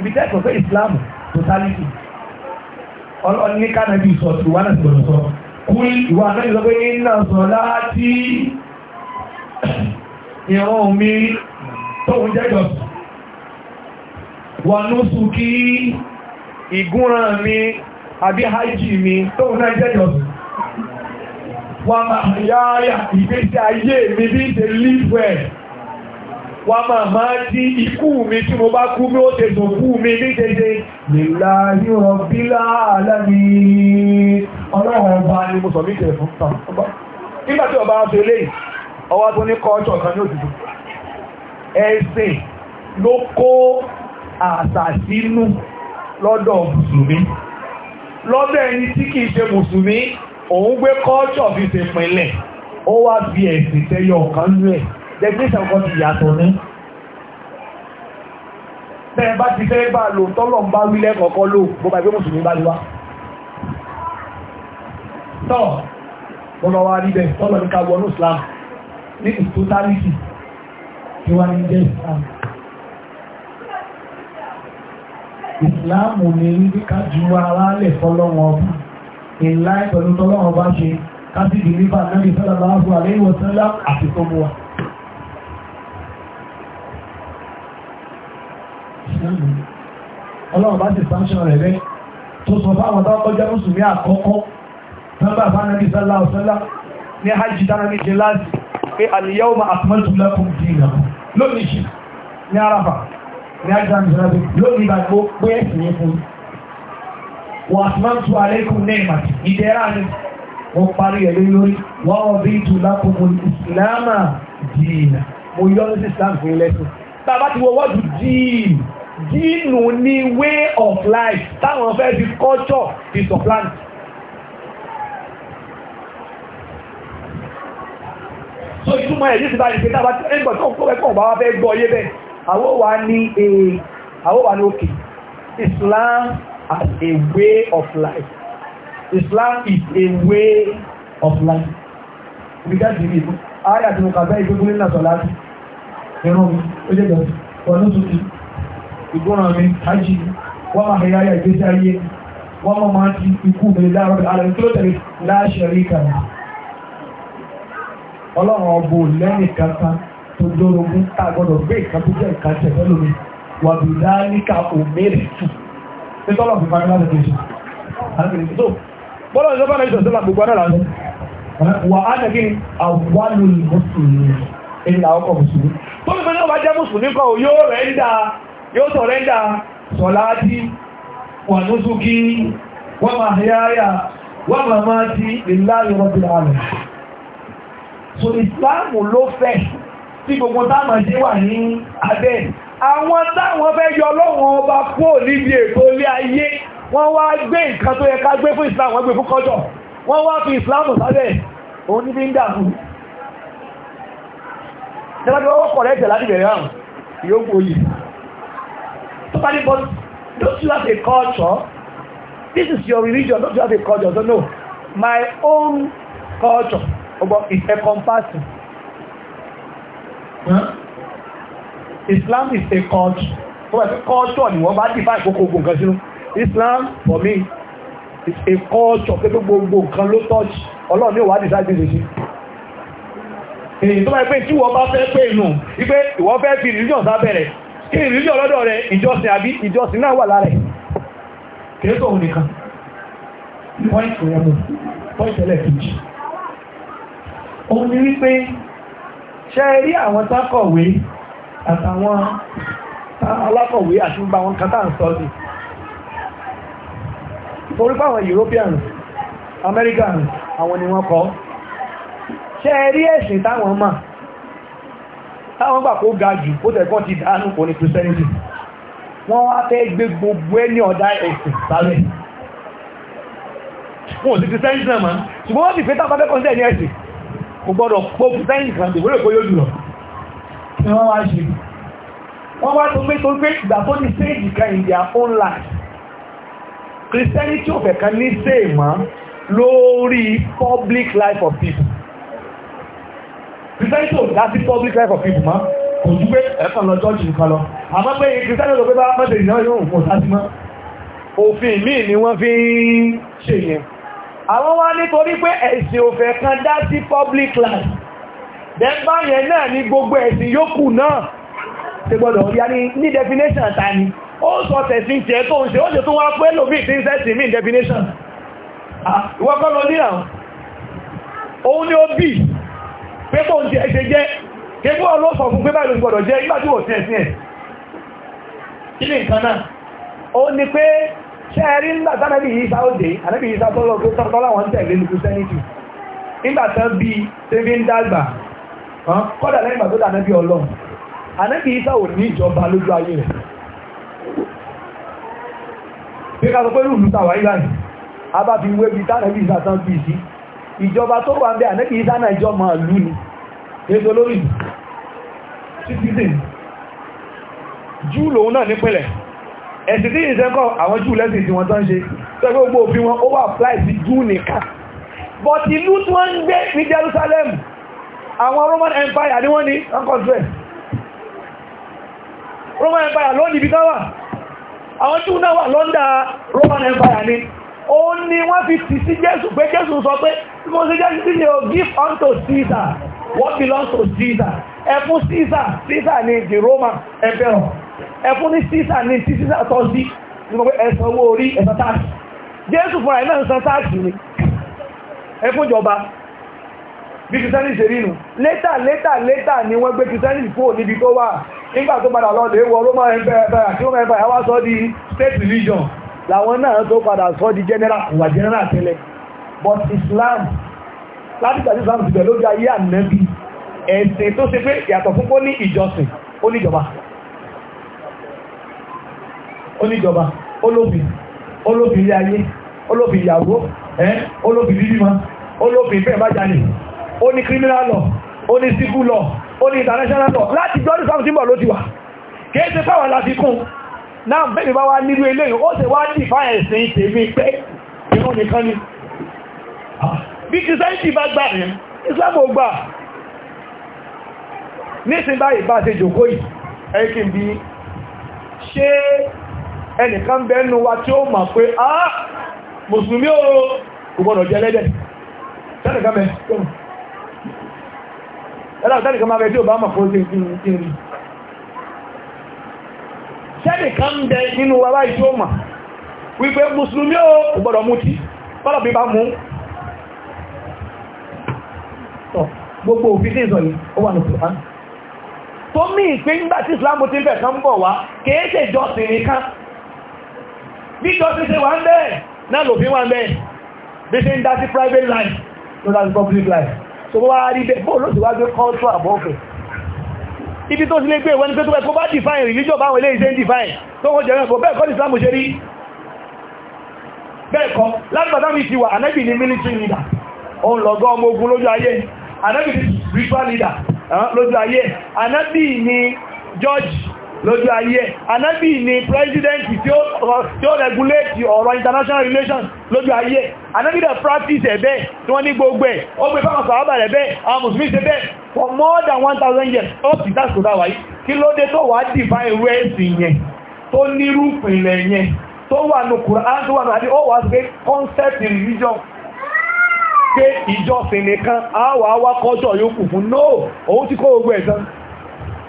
S2: ibi tẹ́ ẹ̀kọ́ fẹ́ ìsìláàmù totality ọlọ́run ní kánàbí sọ tí wọ́n náà gbọ́dọ̀ sọ kú ìwà àmẹ́rin sọ pé iná sọ láti ìran omi tóun jẹ́jọ wà lóṣù kí ìgúnran mi àbí hajji mi tóun náà jẹ́jọ wà máa yáyà ìgbésí ayé mi bí ìṣe lífẹ̀ẹ́ wà máa máa dí ikú mi tí mo bá kú mi ó tè dùn kú mi ní dédé nílá yíò bílá alámi ọlọ́run bá ní mo sọ mí jẹ fún tàn nígbà tí ọba ṣe lè ọwá tó ní kọ́ọ̀tọ̀ kan ní òdìdó ẹ̀sìn ló kó àṣà lọ́dọ̀ mùsùlùmí lọ́dọ̀ ẹni tí kìí ṣe mùsùlùmí òun gbé kọ́ọ̀tọ̀ fi ṣèpínlẹ̀ ó wá fi ẹ̀sìn tẹ́yọ ọ̀kan lú ẹ̀ dẹgbẹ́sàn kan ti yàtọ̀ ní bẹ́ẹ̀ bá ti fẹ́ bá lò tọ́lọ̀ ń bá wílẹ̀ kọ̀ọ̀kọ́ lò bó bá ìgbé mùsùlùmí bá lè wá tọ́ ọ̀nà wa rí bẹ́ẹ̀ tọ́lọ̀ ní káwọn ní Islam ní ìtòtálìsì tí wá ní jẹ́ Islam Islam ní ní
S1: kájú ara lẹ̀ fọlọ́wọ́n ọba ìlà ìpẹ̀lú tọ́lọ́wọ́n bá ṣe kásìdì nípa náà ìfẹ́
S2: ìsìlámù ọlọ́run bá sì sanṣọ́ rẹ̀ rẹ̀ tó sọ fáwọn tó kọjá mùsùlùmí àkọ́kọ́ nọ́mbà fánàbí sálá ọ̀sálá ní hajj tánàbí ṣe láti pé àlìyáwó ma àkùmọ́tò lẹ́kùn sí ìlà lónìí ṣì ní aráfà ní ajá mùsùlùmí lónìí bá gbó pé ẹ̀sìn yẹn fún wa àkùmọ́tò alẹ́kùn ní ìmàtì ìdẹ́rà ni wọ́n mo yọ́ ní sí fún ilẹ̀ tó tàbá ti dínú ni way of life táwọn fẹ́ fi culture fi supplant.
S3: so ìtumọ̀ ẹ̀ yìí báyìí pé tábà tí ẹgbẹ̀
S2: tó kó ẹkọ̀ bá wá fẹ́ gbọ́ yé bẹ́ẹ̀ àwọ́ wà ní àwọ́ wà ní òkè Islam as a way of life Islam is a way of life we gats be real ayé àti mọ̀kàfẹ́ ìgbégún nínú àtọ̀lá ìrún mi ó jẹ́ jọ ọ̀nà tuntun ìgbóná mi hajji wọ́n máa yáyà ìgbésí ayé wọ́n máa máa ti ikú mi láàrọ̀ alẹ́ tó tẹ̀lé láṣẹ rí kan ọlọ́run ọbọ̀ lẹ́nì kankan tó dórogún tá gbọ́dọ̀ gbé ìkan tó jẹ́ ìkan tẹ̀ fẹ́ lómi wà bí dáníkà òmèrè tù nítọ́lọ̀ fi parí láti tẹ̀sí bọ́lá ìjọba náà ìjọsílá gbogbo ọ̀nà làásù wà á nà kí ni àwálù mùsùlùmí ilà ọkọ̀ mùsùlùmí tó ní fẹ́ náà wá jẹ́ mùsùlùmí kọ́ yóò rẹ̀ ń dáa yóò sọ̀rẹ́ndà sọ̀láàdí wà núsùkí wà mahyaya wà mamati lillahi rabbil alamin so ìsìláàmù ló fẹ́ tí gbogbo táàmà sí wà ní abẹ́ àwọn táwọn fẹ́ yọ lọ́wọ́n ọba kó níbi ètò ilé ayé wọ́n wá gbé nǹkan tó yẹ ká gbé fún ìsìláàmù wọ́n gbé fún kọ́jọ̀ wọ́n wá fi ìsìláàmù sábẹ́ òun ní bí ń dàmú Ìjọba tí wọ́n wọ́pọ̀ rẹ̀ tẹ̀ láti bẹ̀rẹ̀ àrùn, ìyókù oyìí somebody, but don't you have a culture? This is your religion, don't you have a culture? So no, my own culture about is encompassing. Huh? Islam is a culture. So a culture You want to dìbà ìkókògbò nǹkan sínú. Islam for me is a culture pé gbogbo nǹkan ló touch ọlọ́run ní ìwádìí sáájú ìṣẹ́ṣẹ́. Èyí tó bá pé tí wọ́n bá fẹ́ pé inú, wípé ìwọ́n fẹ́ religion sábẹ̀rẹ̀, kí ìrírí ọlọ́dọ̀ rẹ̀ ìjọsìn àbí ìjọsìn náà wà lára ẹ̀ òun nìkan pọ́ìntì rẹ̀ mú pọ́ìntì ẹlẹ́kìjì òun wípé àwọn tákọ̀wé àtàwọn alákọ̀wé àti ń bá wọn kátà ń sọ pàwọn Europeans Americans àwọn ni wọ́n kọ́ ṣe ẹ̀sìn táwọn máa táwọn gbà kó ga jù ó tẹ̀kọ́ ti dánú kò ní christianity wọ́n wá fẹ́ gbé gbogbo ẹni ọ̀dá ẹ̀sìn sálẹ̀ wọn ò sí christianity náà máa ṣùgbọ́n wọ́n sì fẹ́ tábà fẹ́ kọ́ńtẹ́ ẹni ẹ̀sìn kò gbọ́dọ̀ pọ́ christianity kan dè wọ́n lè kó yóò jù lọ ni wọ́n wá ṣe wọ́n wá tó in their own life christianity ò fẹ́ kan ní séèmọ́ lórí public life of people kìrìsìtẹ́nì ò dá sí public life of people mọ́ kò tún pé ẹ̀kan lọ church nìkan lọ àmọ́ pé kìrìsìtẹ́nì ló pé bá mọ́tẹ̀ ìnáwó yóò fún sásí mọ́ òfin míì ni wọ́n fi ń ṣe yẹn àwọn wá nítorí pé ẹ̀sìn òfẹ́ kan dá sí public life dẹ́gbà yẹn náà ní gbogbo ẹ̀sìn yókù náà ṣe gbọ́dọ̀ ya ní definition ta ni ó sọ tẹ̀sìn tẹ́ tó ń ṣe ó ṣe tó wá pé lòmí tí ń sẹ́sì mí definition ah, ìwọ́kọ́ lọ ní àwọn òun ni ó bíi pé kó ń jẹ ẹ̀ṣẹ̀ jẹ́ kébú ọ ló sọ fún pé báyìí ló gbọ́dọ̀ jẹ́ nígbà tí wọ́n sí ẹ̀sìn ẹ̀ ilé nǹkan náà ó ní pé ṣẹ́ẹ̀rí ńgbà tánàbí ìyíṣà ó dé ànábì ìyíṣà tọ́lọ́ pé tọ́lọ́ wọn ìjọba tó wà ń bẹ́ ànẹ́kì ìsánà ìjọ ma lú ni ètò lórí citizen jù lòun náà nípìnlẹ̀ ẹ̀sìn tí ìṣẹ́kọ̀ àwọn jù lẹ́sìn tí wọ́n tán ṣe tó ẹgbẹ́ gbogbo òfin wọn ó wà fly sí jù nìkan but ìlú tí wọ́n ń gbé ní Jerusalem àwọn Roman Empire ni wọ́n ní ọkọ̀ọ̀tẹ́ Roman Empire lónìí bí náà wà àwọn jù náà wà lọ́ndà Roman Empire ni ó ní wọ́n fi tì sí Jésù pé Jésù sọ pé mo Jésù o give unto Caesar what belongs to Caesar ẹ Caesar Caesar ní the Roman emperor ẹ ní Caesar ní tí Caesar tọ́ sí ẹ̀sán owó orí ẹ̀sán táàkì Jésù fúnra ẹ̀ náà táàkì ni ẹ ìjọba bí kìsẹ́nì ṣe rí nù létà ni wọ́n gbé kìsẹ́nì kúrò níbi tó wà nígbà tó padà Roman emperor Roman di state religion làwọn náà tó padà sọ di general ìwà general tẹ́lẹ̀ but Islam láti gbàdí Islam ti bẹ̀rẹ̀ lójú ayé ànábì ẹ̀sìn tó ṣe pé yàtọ̀ fún kó ní ìjọsìn ó níjọba ó níjọba olóbi olóbi ilé ayé olóbi ìyàwó olóbi bíbímọ olóbi ìfẹ́ ìbájalè ó ní criminal law ó ní civil law ó ní international law láti jọ́ ní Islam ti bọ̀ ló ti wà kìí ṣe fáwọn láti kún náà bẹ́ẹ̀ bá wá nírú eléyìn ó sì wá dìfá ẹ̀sìn tèmi pé inú nìkan ni bí ti sẹ́ǹtì bá gbà ní Islam ò gbà nísìn báyìí bá ṣe jòkó yìí ẹ̀kì bí ṣe ẹnìkan bẹ́ẹ̀nu wa tí ó mọ̀ pé á mùsùlùmí ó kò gbọ́dọ̀ jẹ lẹ́dẹ̀ tẹ́lẹ̀kan mẹ́ tí ó bá mọ̀ fún sí ìrìn sẹ́nì kan ń bẹ nínú wa báyìí tó mà wípé mùsùlùmí ó gbọ́dọ̀ mutí bọ́lọ̀ bí bá mú gbogbo òfin ní ìsọ̀lẹ̀ ó wà ní Kùránì tó mí ìpín nígbà tí ìsìlámù ti bẹ̀ kan bọ̀ wá kéèṣe jọsìn nìkan bí jọsìn ṣe wà ń bẹ́ẹ̀ náà lòfin wà ń bẹ́ẹ̀ bí ṣe ń dá sí private life ló dá public life so wọ́n wá rí bẹ́ẹ̀ bóòlóṣìwájú cultural àbọ́fẹ́ ibi tó sílé gbé ìwọ́n ni pé tó bẹ́ kó bá define religion báwọn ilé iṣẹ́ define tó wọ́n jẹ́rẹ́ kò bẹ́ẹ̀kọ́ islam ṣe rí bẹ́ẹ̀kọ́ látìbàtà mi ti wà anẹ́bì ni military leader òun lọ́gọ́ ọmọ ogun lójú ayé anẹ́bì ni spiritual leader lójú ayé anẹ́bì ni judge lójú ayé anábì ni president tí ó regulate ọ̀rọ̀ international relations lójú ayé anábì dẹ̀ practice ẹ̀bẹ́ tí wọ́n ní gbogbo ẹ̀ ó gbé fáwọn sàábà rẹ̀ bẹ́ẹ̀ àwọn for more than 1000 years ó ti dáṣò kilode in pé ìjọsìn nìkan àwọ̀ àwọ̀ yóò kù fún no òun ti kó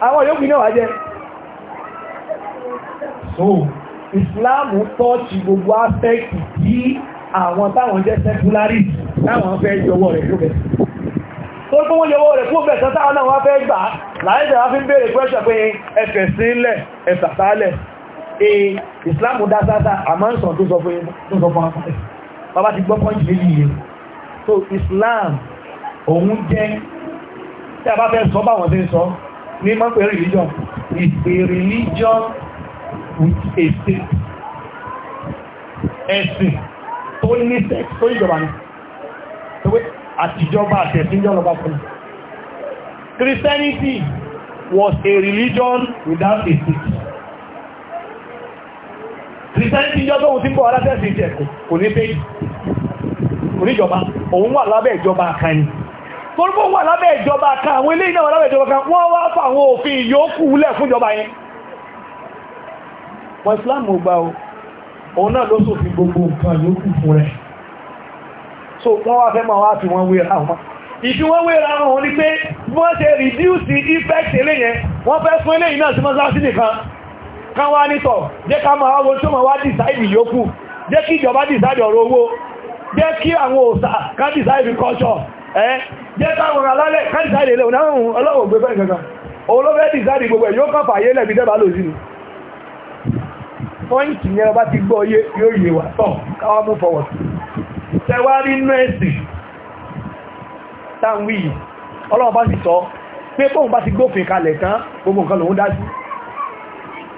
S2: àwọn yóò gbìnà wà jẹ́ so Islam tọ́ọ̀tì gbogbo aspect tí àwọn táwọn jẹ́ secularist táwọn fẹ́ yọwọ́ rẹ̀ lóbẹ̀ tó kí wọ́n yọwọ́ rẹ̀ fún bẹ̀sán táwọn náà wọ́n fẹ́ gbà láìsẹ̀ wá fi ń bèèrè pẹ́ṣẹ̀ pé ẹfẹ̀ sílẹ̀ ẹ̀sàtálẹ̀ ee Islam dá sáta àmọ́ ń sàn tó sọ fún afẹ́ bàbá ti gbọ́ pọ́ǹtì méjì yìí so Islam òun jẹ́ tí a bá fẹ́ sọ báwọn ní mọ́ pé religion is a religion with a state ẹ̀sìn tó ní sex tó ìjọba ní tó pé àtijọba àtẹ̀síjọ́ lọ́ba fún Christianity was a religion without a state Christianity jọ́ tóhun tí ń bọ̀ alátẹ́sì ìjẹ̀kù kò ní pé oníjọba òun wà lábẹ́ ìjọba àkànni torípò wà lábẹ́ ìjọba kan àwọn ilé ìnáwà lábẹ́ ìjọba kan wọ́n wá fà àwọn òfin yòókù lẹ̀ fún ìjọba yẹn wọ́n Islam ò o òun náà ló gbogbo nǹkan yòókù fún rẹ̀ so wọ́n wá fẹ́ máa wá fi wọ́n wéra wọn ìfi wọ́n wéra wọn ni pé wọ́n ṣe reduce effect eléyẹn wọ́n fẹ́ fún eléyìí náà sí mọ́sánsí nìkan kan wá nítọ̀ jẹ́ ká máa máa wá jẹ́ ẹ́ a táwọn alálẹ̀ káàkiri ilẹ̀ onáhùn ọlọ́wọ̀ gbé bẹ́ẹ̀ kankan olóbẹ́ dìsáàdì gbogbo ẹ̀ pọ́ǹtì yẹn bá ti gbọ́ yé yóò yé wà tọ́ mú fọwọ́ tẹwárí táwí ọlọ́wọ́ bá sọ pé bá ti gbófin kalẹ̀ tán gbogbo nǹkan lòun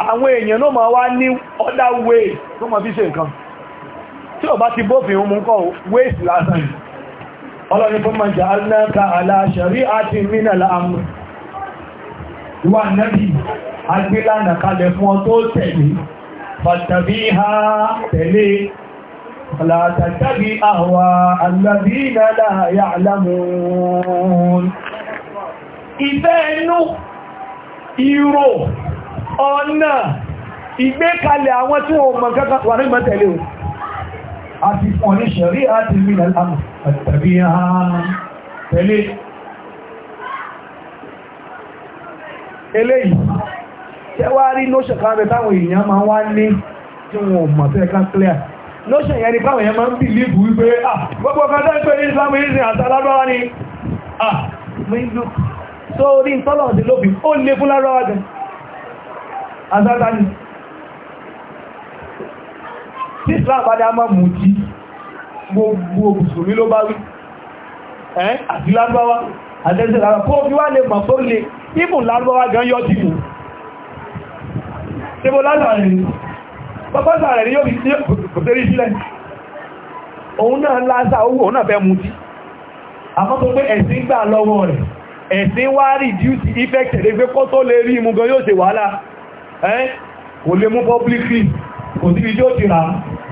S2: àwọn èèyàn náà wá ní tó fi nǹkan tí ọlọ́rin fún ma jẹ́ aláka aláṣẹ̀rí àti mínàlá àmú ìwà náàbì agbélànà kalẹ̀ fún ọ tó tẹ̀lé fàtàbí ha tẹ̀lé látàtàbí àwà alábí nàlá àyà alámùn ìfẹ́ inú ìrò ọ̀nà ìgbékalẹ̀ àwọn tí wọ́n mọ̀ kankan àti fún ọ ní ṣẹ̀rí àti mílẹ̀ àmà tàbí tẹ̀lé eléyìí tẹ́wárí lóṣẹ̀ káàbẹ̀ táwọn èèyàn máa wá ní tí wọn mọ̀ tẹ́ ká clear lóṣẹ̀ yẹn ni báwọn èèyàn máa ń bìlíìbù wípé ah, gbogbo kan tẹ́ ń pè ní Islam tí islam bá dá mọ́ mú tí gbogbo mùsùlùmí ló bá wí ẹ́ àti lárúbáwá àtẹ́sẹ̀ lára kó wá lè mọ̀ tó lè ibùn lárúbáwá gan yọ́ jìnà tí mo lásàrẹ̀ rí pọ́pọ́sà rẹ̀ yóò fi kò tẹ́rí sílẹ̀ òun náà lásà owó òun náà fẹ́ mú tí àmọ́ tó pé effect rẹ̀ pé kó tó lè rí imú gan yóò ṣe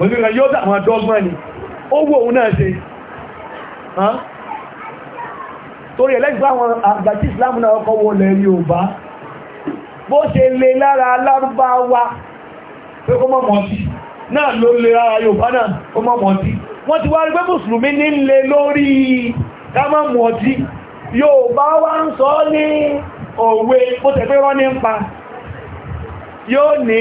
S2: òmìnira yóò dáwọn dọ́gbọ́n ni ó wò òun náà ṣe torí ẹlẹ́gbà àwọn àgbàtí islam náà ọkọ̀ wọlé Yorùbá bó ṣe lè lára alárúbáwá pé kó mọ́ mọ́tí náà ló lè lára Yorùbá náà kó mọ́ mọ́tí wọ́n ti wá rí pé mùsùlùmí ní lè lórí ká má mọ́tí Yorùbá wá ń sọ ní òwe bó tẹ̀ pé rán ní ń pa yóò ní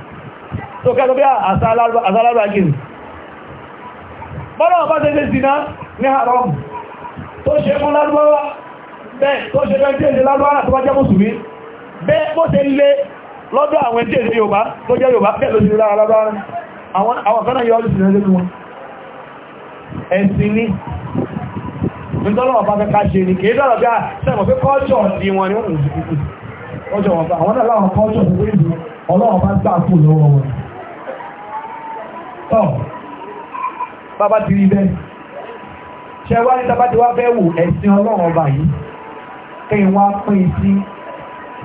S2: tó kẹ́lọ bí àsálàrà gini bọ́lọ̀ bá tẹ́lẹ̀ zina ní haram tó ṣe fún lárúbáwá bẹ́ẹ̀ tó ṣe fẹ́ tẹ́lẹ̀ lárúbáwá tó bá jẹ́ mùsùlùmí bẹ́ẹ̀ bó ṣe lé lọ́dọ̀ àwọn tẹ́lẹ̀ Yorùbá tó jẹ́ Yorùbá bẹ́ẹ̀ ló ṣe lára lárúbáwá àwọn kanáà yọ́ lùsìn lẹ́lẹ́ fún wọn ẹ̀sìn ní nítọ́lọ́wọ́ bá fẹ́ ká ṣe ní kìí dọ́rọ̀ bí a sẹ́mọ̀ pé kọ́ọ̀ṣọ̀ ní wọn ni wọ́n ń ṣe kọ́ọ̀ṣọ̀ wọn bá àwọn náà láwọn kọ́ọ̀ṣọ̀ tó gbé ìlú ọlọ́wọ́ bá gbà kú lọ́wọ́ wọn tọ́ bàbá ti rí bẹ́ẹ̀ ṣe wá ní tàbá ti wá fẹ́ wò ẹ̀sìn ọlọ́run ọba yìí kẹ́yìn wá pín sí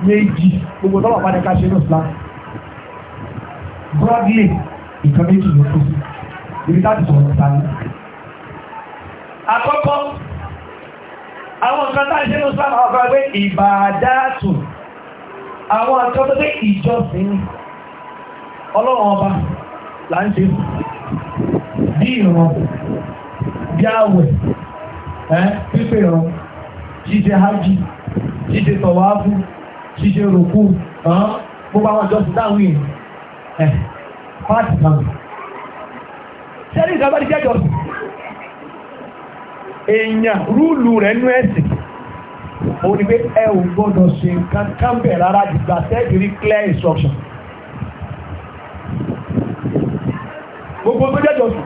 S2: méjì gbogbo tọ́lọ̀ padà ká ṣe ní ìsìlá broadly nǹkan méjì ló kú sí ibi láti sọ̀rọ̀ sáré àkọ́kọ́ àwọn nǹkan tá ṣe ní ìsìlá àwọn kan pé ìbàdàtù àwọn nǹkan tó ọlọ́run ọba là ń bí ìran bí àwẹ̀ pípẹ̀ ìran ṣíṣe hajj ṣíṣe tọ̀wáfù ṣíṣe rògbò gbogbo àwọn ìjọsìn dáhùn yìí ẹ̀ pàtì kan sẹ́ni ìjọba ti jẹ́jọ́ èèyàn rúùlù rẹ̀ nú ẹ̀sìn ó ní pé ẹ ò gbọ́dọ̀ ṣe nǹkan kan bẹ̀ rárá dìgbà sẹ́ẹ̀dì clear instruction gbogbo tó jẹ́jọ́ sùn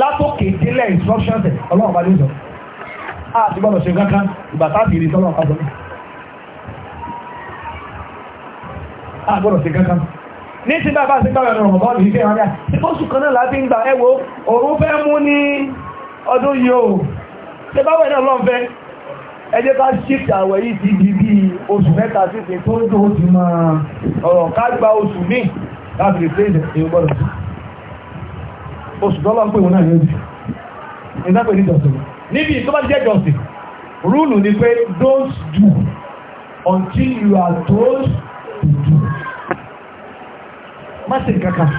S2: látòkè délẹ̀ instructions ẹ̀ ọlọ́run bá ló sọ àti gbọ́dọ̀ ṣe kankan ìgbà táàbì ìrìn sọ́lọ́run bá sọ náà àgbọ́dọ̀ ṣe kankan ní ti bá bá sí gbọ́dọ̀ ẹ̀rọ ọ̀bọ̀ ní ìfẹ́ ìrànlẹ́ tí ó sùn kan náà láti ń gbà ẹwọ òun fẹ́ mú ní ọdún yìí o ṣe báwẹ̀ náà lọ́n fẹ́ ẹ jẹ́ ká shift àwẹ̀ yìí ti di bí oṣù mẹ́ta sí ti tó ń dùn ó ti máa ọ̀rọ̀ ká gba oṣù míì láti lè fẹ́ ìgbọ́dọ̀ sí oṣù tọ́lọ́ ń pè wọn náà ní oṣù ìdápẹ́ ní jọ̀sìn níbi tó bá jẹ́ jọ̀sìn rúùlù ni pé don't do until you are told to do má ṣe kankan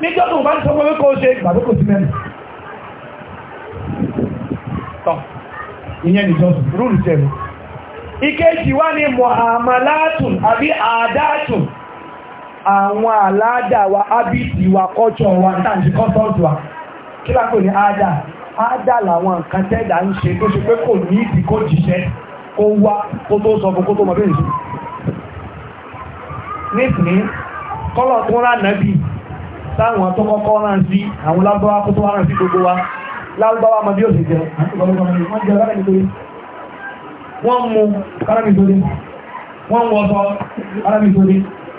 S2: níjọ́ tó bá ń sọ pé kó o ṣe ìgbà tó kò sí mẹ́rin tọ́ ìyẹn ní jọ̀sìn rúùlù tẹ̀lé ìkejì wá ní mọ̀hàmàlátùn àbí àdáàtùn àwọn àládà wa ábìtì wa kọ́jọ́ wa tàbí kọ́tọ́ọ̀tù wa kí lápò ní ádà ádà làwọn nǹkan tẹ́dà ń ṣe tó ṣe pé kò ní ìdí kó kó wá kó tó sọ fún kó tó mọ bẹ́ẹ̀ ṣe nísìnyí kọ́lọ̀ tó rà wọ́n mú tó dé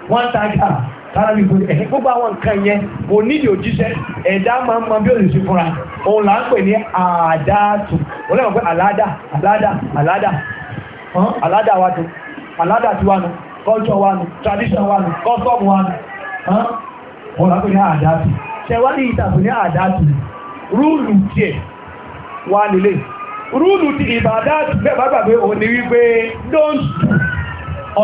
S2: wọ́n ta tajà kárábì gbogbo ẹ̀ gbogbo àwọn nǹkan yẹn kò nídìí òjíṣẹ́ ẹ̀dá máa ń mọ bí òṣìṣẹ́ fúnra òun là ní àdáàtù olóòwò pé àládà àládà àládà àládà wa àládà tí nù culture wà nù tradition wà nù custom wà nù òun là ń pè ní àdáàtù ìtàkùn ní àdáàtù rúùlù tiẹ̀ nílé rúùlù ti bẹ́ẹ̀ gbàgbé wípé don't do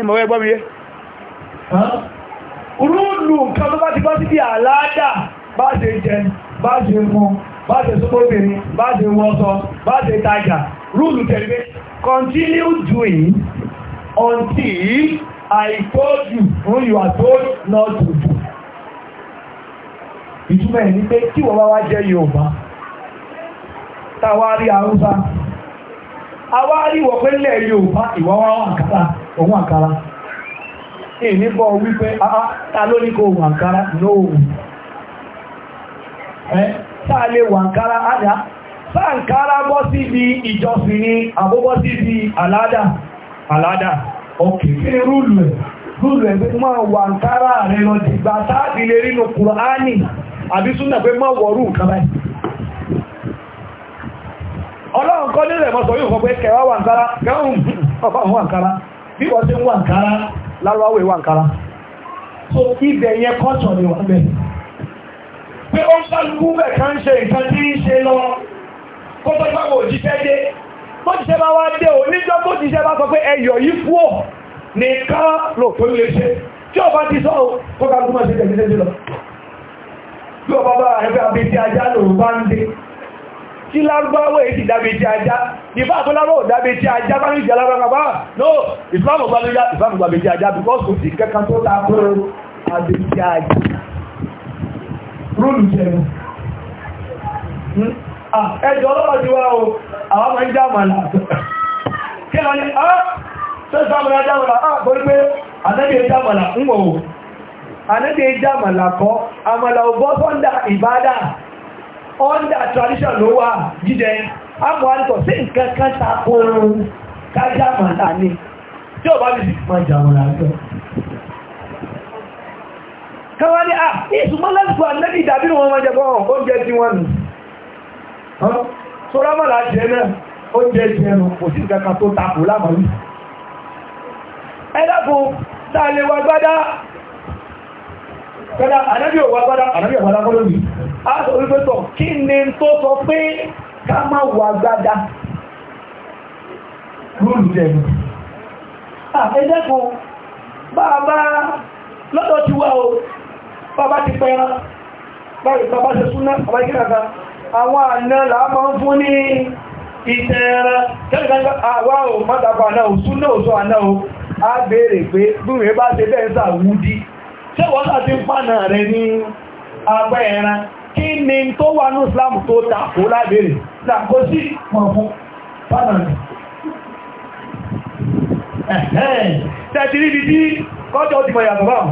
S2: ìmọ̀wẹ́ gbọ́ mi yé rúùlù nǹkan tó bá ti bá síbi àládà bá ṣe jẹ bá ṣe mú bá ṣe súnmọ́bìnrin bá ṣe wọ́sọ bá ṣe tajà rúùlù tẹ̀lé continue doing until I told you when you are told not to do ìtumọ̀ ẹ̀ ní pé tí wọ́n bá wá jẹ́ Yorùbá táwa rí Haúsá àwa rí wọ̀ pé lẹ́ Yorùbá ìwọ́wọ́ àkàrà òun àkàrà ìní bọ́ wípé ah, ah, ta ló ní kó òun àkàrà lóòrùn ẹ́ sáà lè wà àkàrà àdá sáà àkàrà bọ́ sí ibi ìjọsìn ní àbúbọ́ sí ibi àládà àládà òkè kí ni rúùlù ẹ̀ rúùlù ẹ̀ pé máa wà àkàrà rẹ̀ lọ dìgbà sáàbì lè rí nù Kùránì àbí súnà pé máa wọ̀rú nǹkan báyìí ọlọ́run kọ́ nílẹ̀ mọ́ sọ fọ́ pé kẹwàá wà àkàrà kẹwàá wà àkàrà bí wọ́n ti ń wà nkárá lárúbáwọ̀ ìwà nkárá so ibẹ̀ yẹn kọ́tọ̀ ni wọ́n bẹ̀ pé ó ń kálukú bẹ̀ ká ń ṣe nǹkan tí ń ṣe lọ kó tó bá wò jíṣẹ́ dé bó jíṣẹ́ bá wá dé ò níjọ́ bó jíṣẹ́ bá sọ pé ẹyọ̀ yìí fú ọ̀ nìkan lò tó lè ṣe tí ọba ti sọ kó kálukú máa ṣe tẹ̀lé lọ bí ọba bá ẹgbẹ́ àbí tí ajá lòun bá ń dé tí lárúbáwọ̀ èdè dábé tí ajá ìfà tó lárúbáwọ̀ dábé tí ajá bá ní ìjà lárúbáwọ̀ no ìsìlámù gbàlúyà ìsìlámù gbàbé tí ajá because kò sí kẹ́kàn tó ta fún abé tí ajá rúlù jẹun ẹjọ́ hmm? ah, ọlọ́pàá ti wá o àwọn ọmọ ìjà màlà kí lọ ní ọ́ sẹ́sàmù ìjà màlà á kórí pé àtẹ́bí ìjà màlà ń wọ̀ o àtẹ́bí ìjà màlà kọ́ àmàlà ò bọ́ All under tradition ló wà jíjẹ amúhárítọ̀ sí nǹkan kan takorun kájá màlá ní tí ó bá bí sí máa jàmọ̀ láàrín káwá ní à ìsúnmọ́ lẹ́sùn ànẹ́bì ìdàbí wọn máa jẹ bọ́ oúnjẹ tí wọ́n nù sọ́rọ́ mọ́lá jẹ náà oúnjẹ jẹ ẹnu kò sí kankan tó tapò lámàrí ẹ̀dàkùn tààlẹ̀wà gbádá ànẹ́bì òwà gbádá ànẹ́bì òwà lábọ́lónìí a sọ wípé tọ kí ni tó sọ pé ká má wọ agbádá
S1: rúlù jẹ̀mù
S2: àfẹ́jẹ́kùn bàbá lọ́dọ̀ ti wá o bàbá ti pẹran bàbá ṣe súnná bàbá ìkìlàkà àwọn àna làápọ̀ fún ní ò a béèrè pé gbúrẹ̀ kí ni tó wà ní Islam tó tàkó lábẹ́rẹ̀ tàkó sí mọ̀ fún pàtàkì tẹ̀tìrí bí tí kọ́jọ́ ti mọ̀ yàtọ̀ báwọn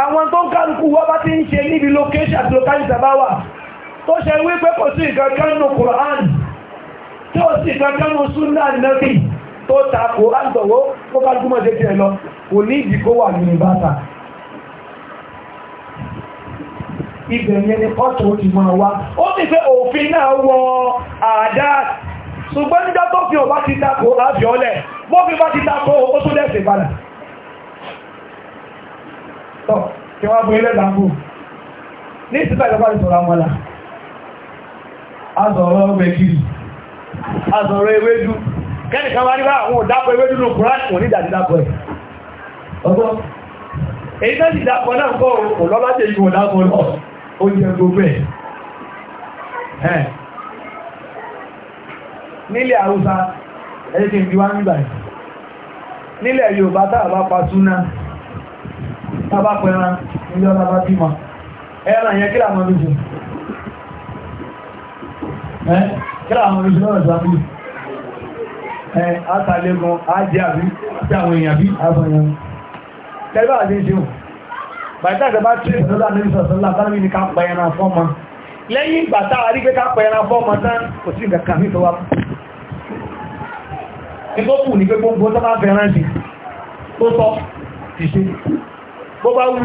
S2: àwọn tó ń kálukú wọ́n bá ti ń ṣe níbi location àti locality àbáwà tó ṣe wípé kò sí ìkankan nù Kùránì tí ó sì ìkankan nù Súnnà Nábì tó ibẹ̀ yẹn ni ọ̀tọ̀ ti máa wá ó sì fẹ́ òfin náà wọ àdá ṣùgbọ́n nígbà tó fi ọba ti tako àbíọ́lẹ̀ bọ́fí bá ti tako ó tó lẹ́sẹ̀ padà tọ́ kí wọ́n bú ilẹ̀ ìdàmú ní ìsìnkà ìjọba ìsọ̀rọ̀ àmọ́lá azọ̀rọ̀ ọgbẹ̀kiri azọ̀rọ̀ ewédú kẹ́nìkan wá nígbà àwọn òdápọ̀ ewédú ní kùránì òní ìdàdídàpọ̀ ẹ̀ ọgbọ́n èyí náà ìdàpọ̀ náà kọ́ òlọ́lájẹ̀ yìí òdápọ̀ náà ó jẹ gbogbo ẹ̀ nílẹ̀ Haúsá ẹ̀ẹ́kì ń bí wá nígbà ẹ̀ nílẹ̀ Yorùbá tá bá pa súná tá bá pẹran níjọ́ tá bá bímọ ẹran yẹn kílà mọ́ lóṣù ẹ́ kílà mọ́ lóṣù lọ́rọ̀ sáfí ẹ́ àtàlẹ́gun á jẹ́ àbí àti àwọn èèyàn bí àbọ̀yàn tẹ́lẹ̀ bá bàtà ìjọba tí ìjọba ní ìsọ̀sọ́lá tánàbí ní ká pa ẹran fọ́mọ lẹ́yìn ìgbà tá a rí pé ká pa ẹran fọ́mọ tán kò sí nǹkan ní ìtọ́wà tó kù ní pé gbogbo tó bá fẹ́ràn sí tó tọ́ ti ṣe bó bá wù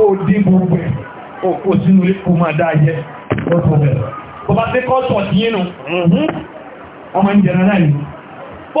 S2: ọ́ o dín gbogbo ẹ̀ kó o kó sínú ilé kó máa dáa jẹ́ bó bá dé kọ́sọ̀ sí inú ọmọ ìjẹ̀rẹ̀ náà yìí bó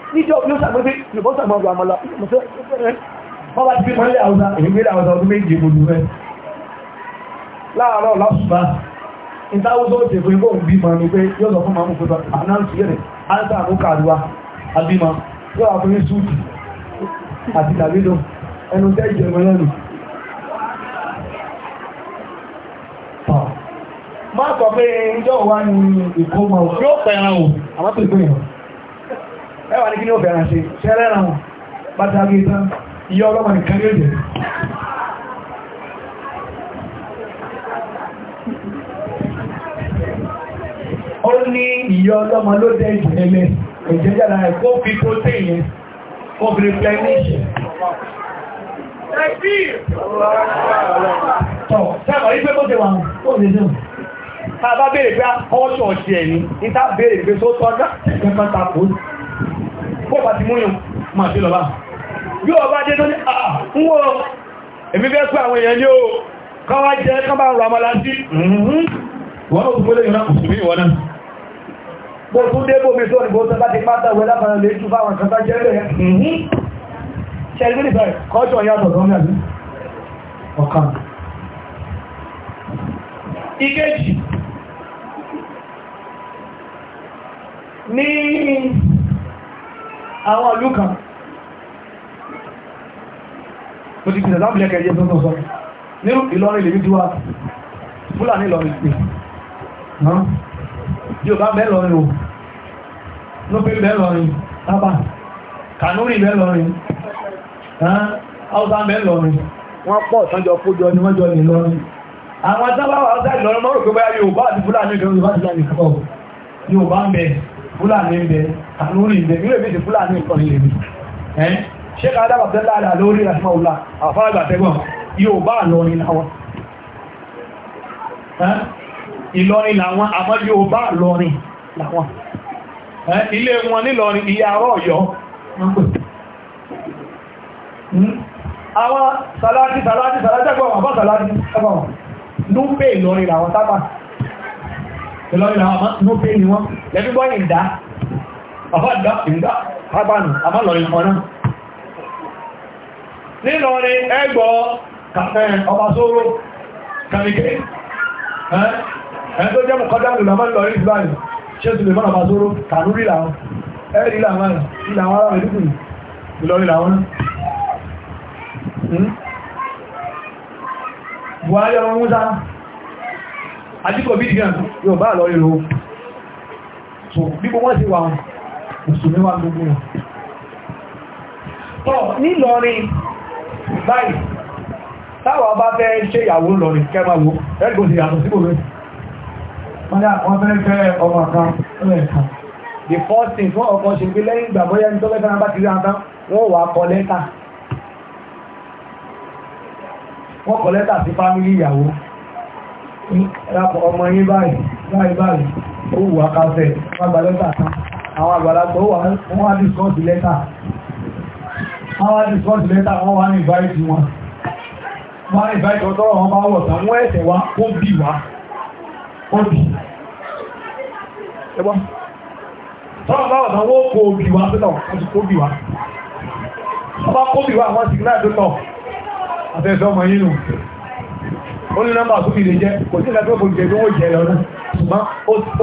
S2: níjọ́ yóò sàgbẹ́gbẹ́ yóò sàgbọ́n ọ̀rọ̀ àmọ́lá wọ́n bá ti fi mọ́lẹ̀ àwọ́sá ìgbẹ́lẹ̀ àwọ́sá ọdún méjì gbogbo rẹ̀ láàárọ̀ lásùbá ìtawọ́sọ́ òjè fún igbó òun bímọ ní pé yóò sọ fún mamu pẹ̀lú ànáǹsì rẹ̀ ánsà àmúkà àdúwà àbímọ yóò wà fún ìsúùtì àti tàbídò ẹnu tẹ́ ìjẹ̀mọ́ lẹ́nu má sọ pé ìjọ wa ni ìkómọ yóò fẹ́ràn ò àmọ́ pẹ̀lú ìgbìyànjú ẹwà ní kí ní òfẹ́ràn sí ṣẹlẹ́ra wọn pàtàkì ìtàn ìyá ọlọ́mọ nìkan ní èdè ó ní ìyá ọlọ́mọ ló dẹ́ ìjẹ̀lẹ̀ ìjẹ́jára ẹ̀ kó fi kó tẹ́ ìyẹn kó fi rí ta bá béèrè pé ọ́ṣọ̀ọ̀ṣẹ̀ ní ìta béèrè pé tó tọ́já ẹ̀kẹ́kọ́ tapò pọ́pàá ti múyàn máa sí lọ́bá bí ọba dé tó ní àwọ̀ èmi bẹ́ o káwàá jẹ́ kábà ń ramọ́lá sí wọ́n ó gbọ́lẹ̀ yọ́nà kò sí mí wọ́n náà bó tún dé bómi tó nìbó tó bá ti pátá wẹ́ lápàá lè tún fáwọn kan bá jẹ́ rẹ̀ ṣẹlẹ̀ bẹ̀rẹ̀ kọ́jọ yàtọ̀ ní àwọn ìlú kan mo ti pìtẹ̀ láàbìlẹ̀ kẹjẹ tó sọ ní Ìlọrin lèmi tí wá Fúlàní Ìlọrin pè yóò bá bẹ́ẹ̀ lọrin o lópin bẹ́ẹ̀ lọrin lábà Kànúrì bẹ́ẹ̀ lọrin Haúsá bẹ́ẹ̀ lọrin wọ́n pọ̀ sánjọ kójọ ni wọ́n jọ ní lọrin àwọn tábà wà Haúsá Ìlọrin mọ́rùn-ún pé báyà Yorùbá àti Fúlàní fúlàní ń bẹ kanúrì ń bẹ ilé ìbí ti fúlàní nǹkan ilé mi ṣe ka dábà tẹ́lá rẹ̀ lórí rẹ̀ máa wùlá àfáàgbà tẹ́gbọ̀n yóò bá lọrin láwọn ìlọrin làwọn àmọ́ yóò bá lọrin làwọn ilé wọn nílọrin ìyá ọ̀yọ́ hmm? àwọn sàlájì sàlájì sàlájì ẹgbọ̀n àbá sàlájì ẹgbọ̀n ló ìlọ́rin àwọn ọmọ pé ní wọ́n lẹ́bí bọ́ ìdá ọ̀fọ́dá ìdá pápánù àmọ́lọ̀rin kan náà nílọrin ẹgbọ́ ọba sóró kàmìkẹ́ ẹ̀ tó jẹ́ mọ̀kọ́dánù lọ́mọ́lọ̀rin ìbáyìí ṣe tùlẹ̀ mọ́ ọba sóró kànú rí làwọn ẹ̀rí làwọn ará ìdúkùn ìlọrin làwọn hmm? Buhari ọmọ Musa àdíkọ̀ bí dìgan yóò bá lọ ìrò so bíbó wọ́n ti wà mùsùlùmí wà gbogbo wọn tọ́ nílọrin báyìí táwà bá fẹ́ ṣe ìyàwó lọrin kẹmàwó ẹgbò sí yàtọ̀ síbò rẹ̀ wọ́n fẹ́ fẹ́ ọmọ kan lẹ́ẹ̀kan the first thing fún ọkọ̀ ṣe pé lẹ́yìn ìgbà bóyá ní tó fẹ́ fẹ́ bá ti rí àtá wọ́n wà kọ lẹ́tà wọ́n kọ lẹ́tà sí fámílì ìyàwó rápọ̀ ọmọ yín báyìí báyìí báyìí ó wù akáfẹ́ wàgbà àwọn àgbàlagbà ó wà ní sọ́ọ̀tì lẹ́tà àwọn àti sọ́ọ̀tì lẹ́tà wọ́n wà ní ìbáyìí wọn wọ́n ní ìbáyìí tọ́tọ́ wọn bá wọ̀ tán wọ́n ẹ̀sẹ̀ wá ó bì wá ó bì ẹgbọ́n tọ́wọ́ bá wọ̀ tán wọ́n kó bì wá pẹ́tọ̀ wọ́n ti kó bì wá wọ́n bá kó ó ní nọ́mbà tó fi lè jẹ́ kò sí ìlànà tó jẹ́ owó jẹ́ lọ́nà ṣùgbọ́n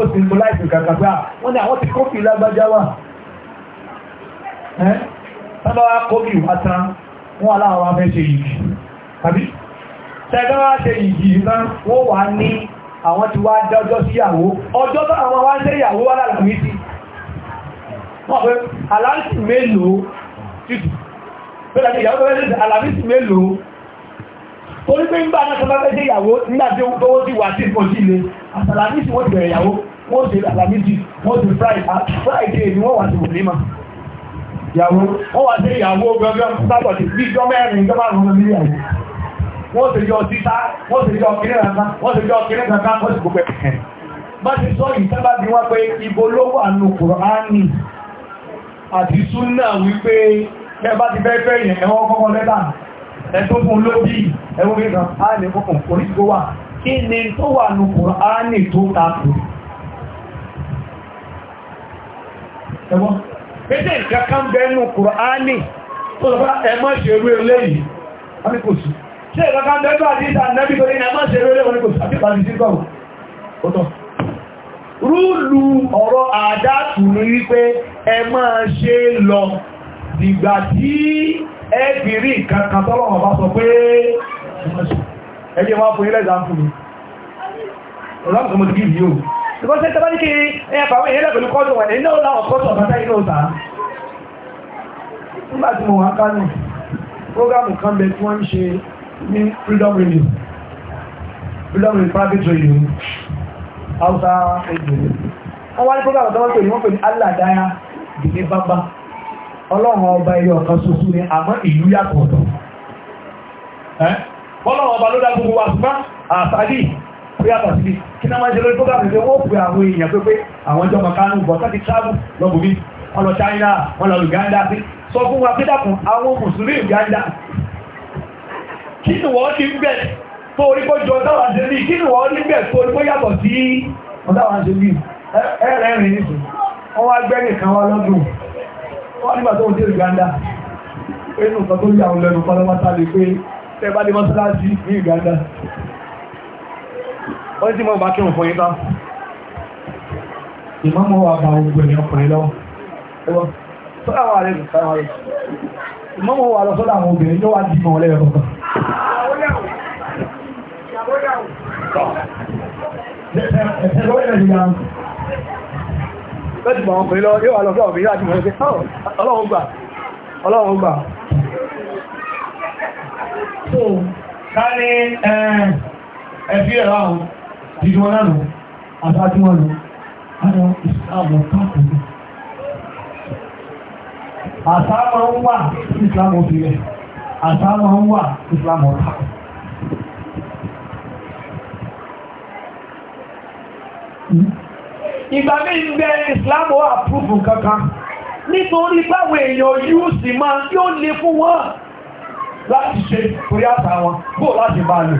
S2: ó ti mú láìsí kàkà pé ah, wọ́n ní àwọn ti kófì lágbájá wà sábà wá kófì wá tán wọ́n aláwọ̀ wá fẹ́ ṣe yìí tàbí tẹ́gbẹ́ wá ṣe yìí náà wọ́n wà ní àwọn ti wá dọ́jọ́ sí ìyàwó ọjọ́ tó àwọn wá ń ṣe ìyàwó wá lálàmí sí wọ́n pẹ́ aláìsí mélòó torí mba nígbà náà sọmọ fẹ́ jẹ́ ìyàwó nígbà tí ó tọwọ́ sí wà sí sí ilé àtàlàmí wọ́n ti bẹ̀rẹ̀ ìyàwó wọ́n ti wọ́n ti ah, friday ni wọ́n wà sí ìyàwó wọ́n wà sí ìyàwó gbọ́ngàn bí wọ́n ti wọ́n ti kankan wọ́n ti kankan wọ́n ti gbogbo bá ti ibo ló wà nù kùránì àti súnà wípé bá ti fẹ́ fẹ́ yẹn ẹ̀tọ́kùn lóbi ẹwọ́ gẹ́gàn áàlì kọkàn oríṣìí wà kí ni tó wà ní Kùránì tó tapò ẹwọ́ pété ìkankan bẹ́ẹ̀nù Kùránì tó lọ́pàá ẹmọ́ ìṣerú eléyìí amíkòsù ṣe ìkankan bẹ́ẹ̀nù àdíta nẹ́bí torí ẹmọ́ ìṣerú eléyìí rúlù ọ̀rọ̀ àdátù ní wípé ẹ máa ṣe lọ dìgbà tí ẹ́bì rí kankan tọ́lọ́wọ̀n bá sọ pé ẹgbẹ́ wọ́n fún ilẹ̀ ìdáǹkù ní ọlọ́pùsọ mo ti kí ìyó ṣùgbọ́n tẹ́ tẹ́bá ní kí ẹ pàwọ́ ìyẹ́lẹ̀ pẹ̀lú kọ́dù wọ̀n iná ọ̀nà ọ̀kọ́tọ̀ bàtà iná ọ̀tà nígbà tí mo wà kánù prógámù kan bẹ tí wọ́n ń ṣe ní freedom radio freedom radio private radio hausa radio wọ́n wá ní prógámù tó wọ́n pè ní wọ́n pè ní aládàáyá dìde bábá ọlọ́run ọba ẹyọ ọ̀kan ṣoṣo ni àmọ́ ìlú yàtọ̀ ọ̀tọ̀ ọlọ́run ọba ló dágbogbo gbogbo wa ṣùgbọ́n àṣàdì pé àtọ̀ sí kí náà máa ń ṣe lórí program ṣe wọ́n pè àwọn èèyàn pé pé àwọn ọjọ́ mọ̀kánú bọ̀ travel China Uganda Uganda kí ni wọ́n ti ń bẹ̀ tó orí kó jọ ní kí ni wọ́n ti ń bẹ̀ tó orí kó wọ́n nígbà tó ń dé Uganda pé inú nǹkan tó yà wọn lẹ́nu pátápátá lè pé tẹ́ bá dé ní Uganda wọ́n tí mọ́ bá kírun fún yín tán ìmọ́mọ́ wa bá ogun ẹ̀yàn ọkùnrin lọ́wọ́ ẹwọ́ sọ́dá wà rẹ̀ sọ́dá rẹ̀ ìmọ́mọ́ wa lọ sọ́dá àwọn obìnrin yóò wá di mọ́ ọlẹ́yọ̀ kọ̀ọ̀kan. ẹ̀sẹ̀ lọ́wọ́ lọ́dì mọ̀ ọkùnrin lọ yóò wà lọ fún ọ̀bìnrin láti mọ̀ ẹgbẹ́ ọlọ́run gbà ọlọ́run gbà so ká ní ẹ̀fí ẹ̀rọ àwọn ìdíjú wọn lánàá àtàtí wọn lọ àwọn ìsìlámù káàkiri àtàmà ń wà ìsìlámù sílẹ̀ àtàmà ń wà ìsìlámù káàkiri Mm-hmm ìgbà mí ń bẹ ìsìláàmù àpúrùfù kankan nítorí báwọn èèyàn yóò sì máa yóò lè fún wọn láti ṣe torí àṣà wọn bóò láti bá lò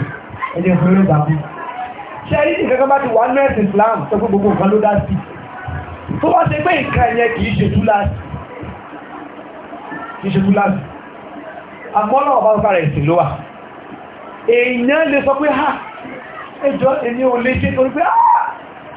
S2: ẹ̀jẹ̀ ìfúnlẹ̀ dàbí ṣe ní ìkankan bá ti wà ní ẹ̀sìn ìsìláàmù tó fún gbogbo nǹkan ló dá sí tó bá ṣe pé nǹkan ẹ̀yẹ kìí ṣe túláàsì àmọ́nà ọba ọ̀pá rẹ̀ sí ló wà èèyàn lè sọ pé ha ẹjọ́ èmi ò lè ṣe torí pé ha ah!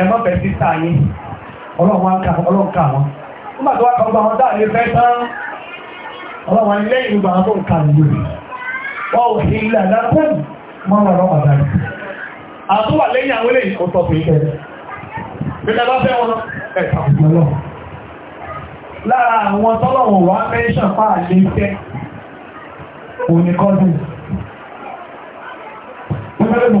S2: ẹmọ́ bẹ̀ sí sáyé ọlọ́ọ̀ká wọn nígbà tó wá kan gba wọn dáàlé fẹ́ tán ọlọ́wọ́n ilé ìgbà wọn tó ń ka ìwé wọ́n ò sí ilé àdákùn mọ́ wọn lọ́wọ́ dáàlé àtúwà lẹ́yìn àwọn eléyìí kò sọ fún ìfẹ́ gbẹ̀dẹ̀ bá fẹ́ wọn ẹ̀ka ìgbọ̀lọ́ lára àwọn tọ́lọ̀wọ̀n wá mẹ́ṣàn fáà lè fẹ́ òní kọ́dún wọ́n fẹ́ lè mú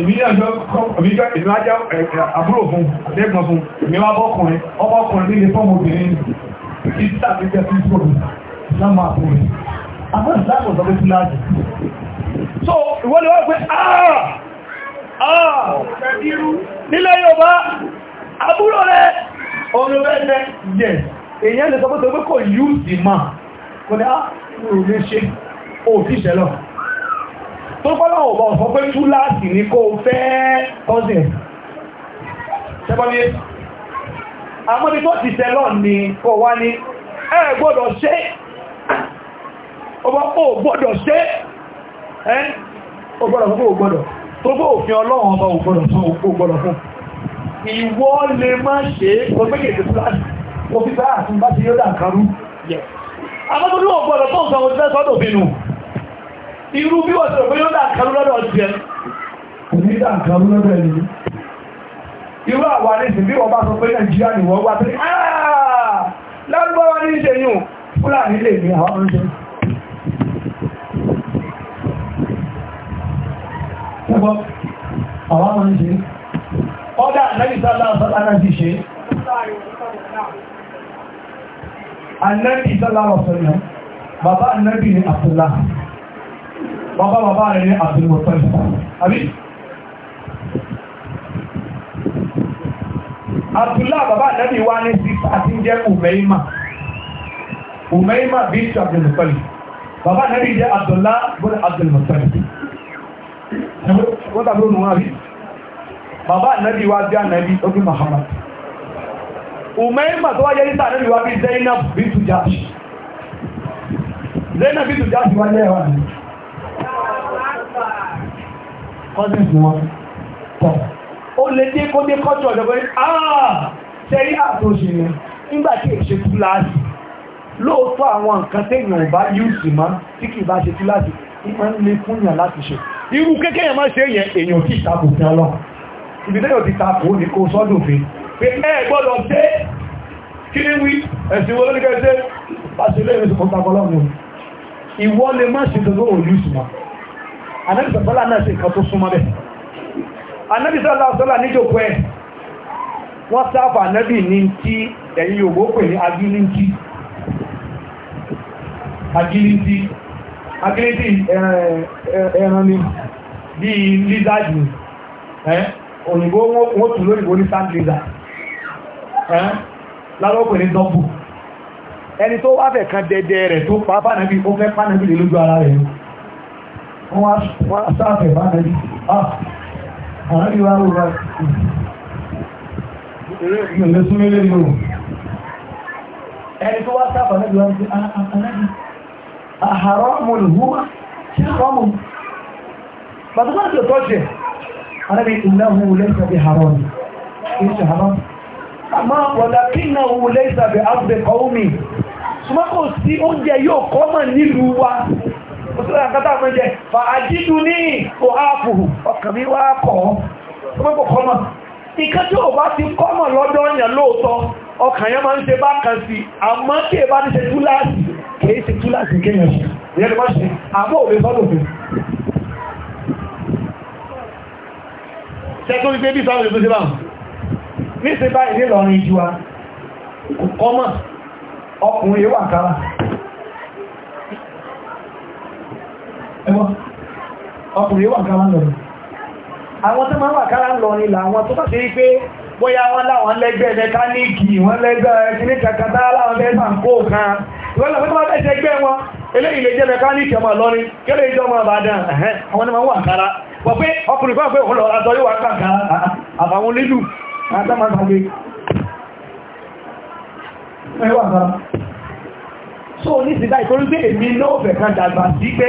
S2: ìmìlájá àbúrò fún lẹ́gbọ̀n fún ìmìlá ọkùnrin ọmọ ọkùnrin nílé fọ́mù obìnrin ìtà nígbẹ́ sí ìṣòro lámà àbúrò àwọn ìdáàbò sọ́gbé sí láàájì so ìwọ́n ah! ah! lè wọ́n pé àà nílẹ̀ ah, tó kọ́lọ̀ ọ̀bọ̀ sọ pé túláàsì ní kó fẹ́ cousin ṣẹ́bọ́lé àmọ́ni tó ti tẹ́lọ̀ ní kó wá ní ẹ gbọ́dọ̀ ṣe ọgbọ́ ó gbọ́dọ̀ ṣe ẹ́ ó gbọ́dọ̀ fún ó gbọ́dọ̀ tó gbọ́ òfin ọlọ́run ọba ó gbọ́dọ̀ fún ó gbọ́dọ̀ fún ìwọ lè má ṣe tó gbẹ́gẹ̀ẹ́sì túláàsì ó fi bá àtúnbá ti yóò dà kárú yẹ irú bí wọ́n tẹ̀rọ pé yóò dà nǹkan lọ́dọ̀ jẹ́ òní dà nǹkan lọ́dọ̀ ẹni irú àwọn àdéhùn bí wọ́n bá sọ pé nàìjíríà ni wọ́n wá pé ah! lárúbáwá ní ṣe yùn fúlàní lè ní àwọn ọmọ ṣe ẹgbọ́ àwọn ọmọ ṣe ọ́dà nàìjíríà láàrín ti ṣe annabi sallallahu alaihi wasallam baba annabi abdullah bàbá bàbá rẹ̀ ní àbìmọ̀tọ́lì àbí àbúlá bàbá ànábì wá ní sísá tí ń jẹ́ ùmẹ́ìmà ùmẹ́ìmà bí i àbìmọ̀tọ́lì bàbá ànábì jẹ́ àbúlá bọ́lá àbìmọ̀tọ́lì wọ́n tàbí ònà rí bàbá ànábì wá bí ànábì ó bí Muhammad ùmẹ́ìmà tó wáyé níta ànábì wá bí Zainab bí tùjáṣì Zainab bí tùjáṣì wáyé wà nìyí cousins wọn pọ̀ ó lè dé kó dé kọ́tù ọ̀dọ̀ pé ah sẹ́rí àtòṣì ni nígbà tí èṣe túláàsì lóòótọ́ àwọn nǹkan téèyàn ò bá yúùsì mọ́ tí kì bá ṣe túláàsì ìmọ̀ ń lè fún yàn láti ṣe irú kékèyàn má ṣe yẹn èèyàn tí ìtàkù fi ọlọ́ ibi tẹ́yọ̀ ti takò ní kó sọ́dọ̀ fi pé ẹ gbọ́dọ̀ tẹ́ kí ní wí ẹ̀sìn wọlé nígbà tẹ́ pàṣẹ lẹ́yìn ìwọ lè má ṣe tó lóòrùn yúùsì mọ́ anábì náà sí nǹkan tó súnmọ́ Anabi anábì níjòkó ẹ̀ wọ́n sáfà anábì ní tí ẹ̀yìn yòówó pè ní agilintí agilintí agilintí ẹran ni bí lizard ni òyìnbó wọ́n tún lóyìnbó ní sand lizard lárọ́ pè ní dọ́bù ẹni tó wáfẹ̀ kan dẹdẹ rẹ̀ tó pàápàá náà bí ó fẹ́ bí lè ara rẹ̀ wọ́n sáàfẹ̀ bá nẹ́bí ah,
S1: àwọn ìwà rúra ìrìnlẹ̀ súnmílé lò
S2: ẹni tó wá sáàfẹ̀ nẹ́bí wọ́n ti anẹ́bí àhàrọ́ mọ̀ lùhúmá sí ọmọ bàtàkà tí ó tọ́ jẹ anẹ́bí ìnáhù lẹ́sẹ̀ bí àhàrọ́ ni kì í ṣe àhàrọ́ àmọ́ wọ̀lákínàhù lẹ́sẹ̀ bí àbẹ̀kọ́ òṣèlú àkátà mọ́ jẹ fa àjídú ní kò áàpùhù ọkàn mi wá kọ́ ọmọ kọ́mọ̀ nǹkan tí ò bá ti kọ́mọ̀ lọ́dọ̀ ọ̀yàn lóòótọ́ ọkàn yẹn máa ń ṣe bákan sí àmọ́ tí è bá ti ṣe túláàsì kìí ṣe túláàsì kéèyàn ṣe ọkùnrin wà kára ẹwọ́n ọkùnrin wà kára lọ àwọn tó máa wà lọ ni làwọn tó bá ti rí pé bóyá wọ́n láwọn lẹ́gbẹ́ mẹkáníìkì wọ́n lẹ́gbẹ́ kàkàtà láwọn kó kan ìwọ́n wọn jẹ́ ọmọ ni so ní ìsìnká ìtorí pé èmi náà fẹ̀ kan dàgbà sí pé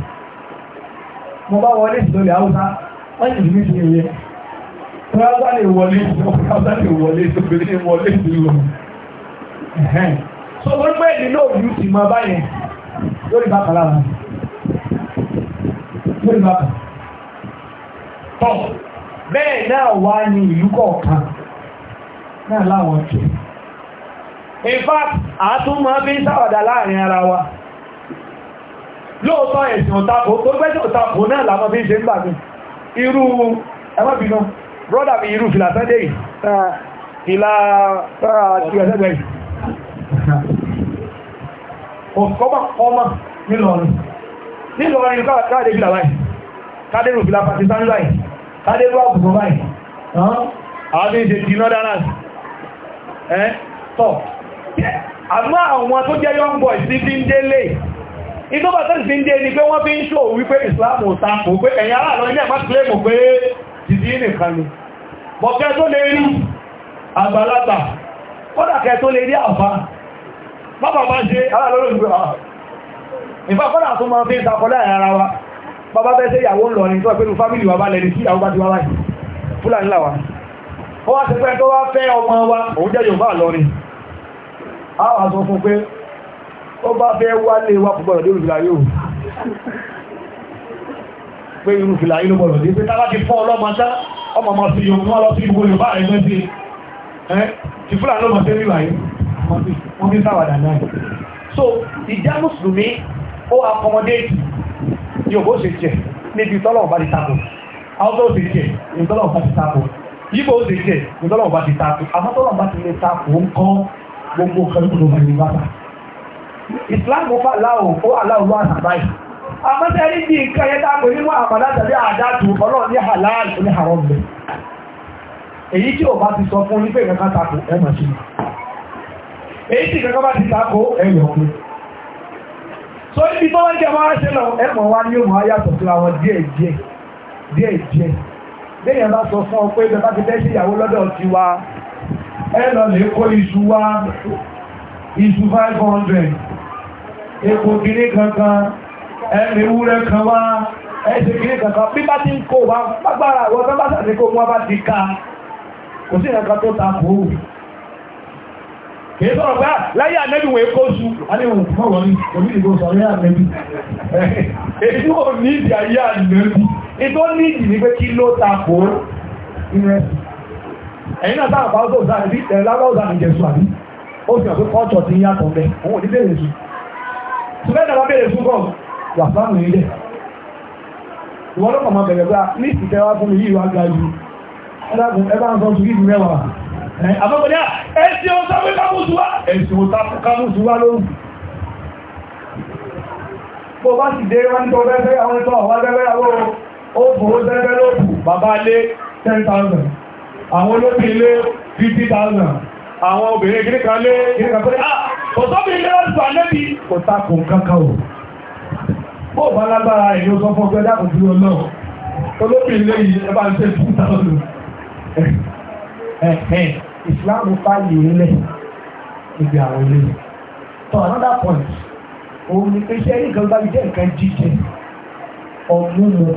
S2: mo bá wọlé ìdólè haúsá wọ́n yìí ní ti yẹ tó bá bá lè wọlé ìdólè haúsá lè wọlé ìdólè lè wọlé ìdólè so wọ́n pẹ́ ìdí náà yìí ti máa báyẹn lórí bákan lára lórí bákan tọ́ bẹ́ẹ̀ náà wá ní ìlú kọ̀ọ̀kan náà láwọn kìí in fact àtúnmọ́ bí sáwàdà láàrin ara wa lóòótọ́ ẹ̀sìn òtàkó tó gbẹ́sẹ̀ òtàkó náà làmọ́ bí ṣe ń bà mí irú ẹmọ́bìnú brọ́dà mi irú fìlà sẹ́dẹ̀ yìí fìlà tìrẹsẹ́gbẹ̀ yìí ọ̀kọ́mọ̀ ọmọ nílọrin nílọrin káàdé fìlà báyìí káàdé rù fìlà pakistan báyìí káàdé rù àbùkù báyìí àwọn bí ṣe ti northern land ẹ́ tọ́ àmọ́ àwọn tó jẹ́ young boys ní fi ń délé ìjọ bá tẹ́lì fi ń ni ní pé wọ́n fi ń ṣò wípé ìsìláàmù òtàkù pé ẹ̀yà aláàrọ̀ ilẹ̀ má pé dìdí nìkan ni bọ̀kẹ́ tó lè rí àgbàlagbà kọ́dàkẹ́ tó lè rí àfá bàbá máa ṣe aláàrọ̀ ah. kọ́dà fi ń sakọ́lá ayara wa bàbá bẹ́ sẹ́ fámìlì wa bá lẹ́ni sí àwọn bájú fúlàní làwà ó wá ti pẹ́ tó fẹ́ ọmọ wa òun ó bá fẹ́ wálé wá púpọ̀ lọ́dún ìrùfìlà yóò pé ìrùfìlà yóò bọ̀ lọ́dún pé ti fọ́ ọlọ́mọ tá sí yòókù wọn lọ sí gbogbo yorùbá rẹ̀ sí ẹ́ ti fúlàní ọmọ sí nílò wọ́n fi sáwàdà náà accommodate yòókù ṣe jẹ níbi tọ́lọ̀ bá ti tako àwọn ó ṣe jẹ níbi tọ́lọ̀ bá ti tako yíbo ó ṣe jẹ níbi tọ́lọ̀ bá ti tako àmọ́ tọ́lọ̀ bá ti lè tako ń kọ́ gbogbo kan ló bá ìsìláàmù fà láhùn ó aláhùn àtàbáyì àmọ́sẹ̀ rí bí nǹkan yẹn dápò níwọ̀n àmàdá tàbí àdáàtù ọlọ́run ní halal ní haram bẹ̀ èyí tí bá ti sọ fún nípa ìkankan tako ẹ sí èyí tí bá ti tako ẹ so ibi tó wọ́n jẹ́ epo kankan ẹni wúrẹ́ kan wá ẹsẹ̀ kankan bí bá ti ń kó wá gbágbára àwọn bá kó wá bá ká kò sí tó ta kó wù kìí sọ̀rọ̀ pé ah, láyé su aléwọ̀n fún ọ̀rọ̀ ní omi ìgbò sọ̀rọ̀ yá ànẹ́bí èyí ò ní ìdí ayé ànẹ́bí ìtọ́ ní ìdí pé kí ló ta kó ìrẹsì ẹ̀yìn náà sáà bá ẹ̀rọ jẹ̀sù àbí ó hàn ti ń yàtọ̀ mẹ́ òun mẹ́ta bá bẹ̀rẹ̀ fún kọ́ọ̀ wà fáàmù ilẹ̀ ìwọ́n lọ́pọ̀ máa bẹ̀rẹ̀ bá ah, ní ìsìnkẹ́ wá fún mi yìí wá ga ju ẹlẹ́gùn ẹ bá ń sọ ju yìí mẹ́wàá àbọ̀bọ̀dá ah, ẹ̀sìn ọ̀sán fún kámùsù wá ẹ̀sìn ọ̀sán fún kámùsù wá lóhùn bó bá sì dé wọ́n tó bẹ́ẹ̀ àwọn ẹ̀tọ́ àwọn ẹgbẹ́ àwọn òfòrò tẹ́gbẹ́ lóòpù bàbá lé 10,000 àwọn olóbi lé 50,000 àwọn obìnrin gíríkà lé gíríkà pé ah kò tóbi ilé ọ̀sán lẹ́bi kò takò kankan o bó bá lágbára ẹ̀ ló sọ fún ọgbẹ́ dákò dúró náà olóbi ilé yìí ẹ bá ń ṣe two thousand ìsìláàmù fàyè ilẹ̀ ibi àwọn ilé so another point òun ni pé ṣé nǹkan bá jẹ́ nǹkan jíjẹ ọ̀múmu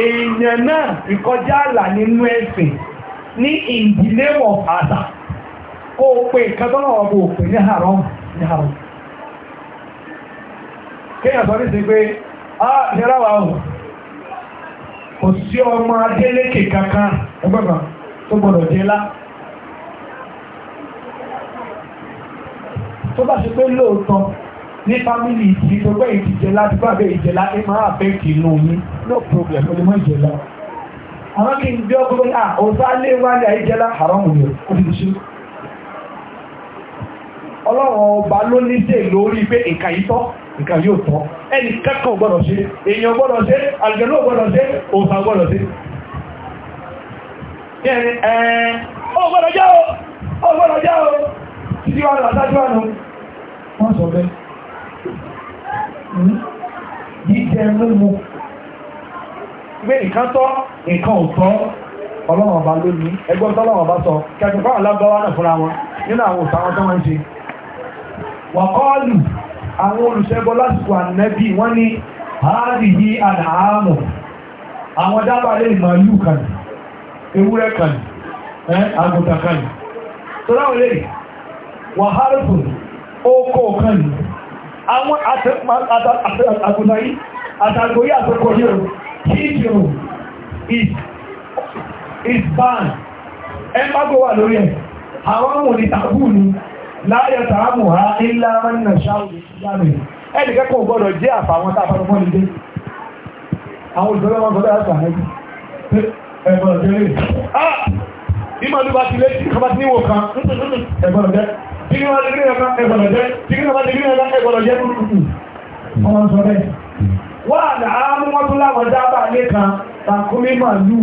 S2: èèyàn náà ìkọjá àlà nínú ẹ̀sìn ní in the name of àṣà kó o pé nǹkan tó náà bò pé ní haram ní haram kéèyàn sọ nísìnyí pé á nira wà ó kò sí ọmọ adélékè kankan ẹgbẹ́gbẹ́ tó gbọdọ̀ jẹ́ lá tó bá ṣe pé lóòótọ́ ní fámílì ìdí tó gbẹ́ ìdíje lá tó gbàgbé ìjẹ́lá ní no problem ó lè àwọn kí n bí ọkùnrin à òsá lé wá ní àìjẹ́lá haramu ni ó fi ṣe ọlọ́run ọba ló ní dè lórí pé ìkà yìí tọ́ ìkà yóò tọ́ ẹni kẹ́kọ̀ọ́ gbọ́dọ̀ ṣe èèyàn gbọ́dọ̀ ṣe àlùjànnú gbọ́dọ̀ ṣe òsà gbọ́dọ̀ ṣe ó gbọ́dọ̀ jẹ́ pé nǹkan tọ́ nǹkan ò tọ́ ọba ló ní ẹgbọ́n ọba sọ kẹsùn fáwọn náà fúnra wọn nínú àwọn òsàwọn tó wọ́n ń ṣe wàkọ́ọ̀lù àwọn olùṣẹ́gbọ́ lásìkò ànẹ́bí wọ́n ní ààrì àdáàmù àwọn dábàá lè kan ewúrẹ́ kan àgùntàn kan tó ókó Hebrew is is banned embargo wà lórí ẹ̀ àwọn ọmọ ní tàbú ni láyẹ̀ tààmù ha ńlá mẹ́rinà ṣáàlù ìsìlámi ẹni kẹ́kọ̀ọ́ gbọ́dọ̀ jẹ́ àfàwọn tàbátọ́ mọ́ nílé àwọn olùdọ́lọ́ wọn gbọ́dọ̀ àtà ẹgbẹ́ ẹgbọ́n ọ̀dẹ́rẹ́ ah ìmọ̀lú bá ti lé tí kọba tí wò kan ẹgbọ́n ọ̀dẹ́ tí kí wọ́n ti gírí ẹ̀kan ẹgbọ́n ọ̀dẹ́ tí kí wọ́n ti gírí ẹ̀kan ẹgbọ́n ọ̀dẹ́ wà náà mú wọ́n tún láwọn dábà lé kan tàkúmí màlúù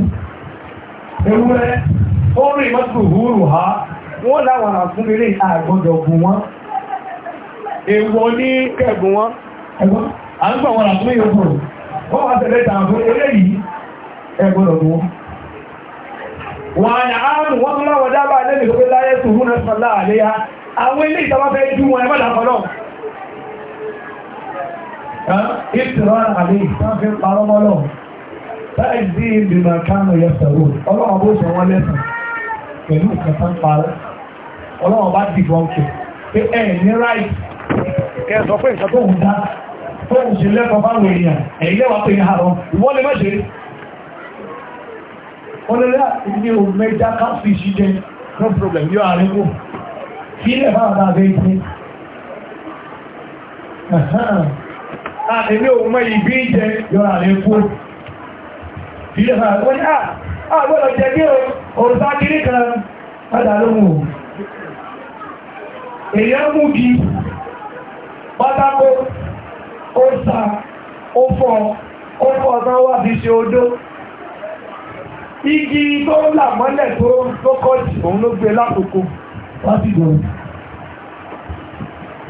S2: ewúrẹ́ ó rìn mọ́tò húrù ha wọ́n láwọn àfúnmílé àgbọ́dọ̀ gùn wọ́n èwọ̀ ní kẹ́gùn wọ́n àgbà wọn àfúnmílé ọkùnrin wọ́n wá tẹ̀lé tààbù eléyìí ẹgbọ́dọ̀ gùn wọ́n wọ́n ni àrùn wọ́n láwọn dábà lẹ́nìí ìtìrán àlè ìtànfẹ́ parọ́mọ́lọ́ láì sí ìdìmọ̀ kánú yẹsẹ̀rò ọlọ́run bó sọ wọ́n lẹ́sàn pẹ̀lú ìkẹta ń parọ́ ọlọ́run bá dì bọ́ǹkì pé ẹ ní ráì kẹ sọ pé ìṣẹ́ tó ń dá tó ń ṣe ní o mẹ́já káfí àìlé òun mọ́ ìbí jẹ yọ́ra rẹ̀ kú ilé fàá wọ́n ní àgbọ́lọ̀ jẹ bí òrùsá kiri kan padà lóhun èyàn mú bí pátákó ó sà ó fọ́ ó fọ́ ọ̀tán wà fi ṣe odó igi tó là mọ́lẹ̀ tó kọ́ òun ló gbé lákòókò wọ́n ti dọ̀rọ̀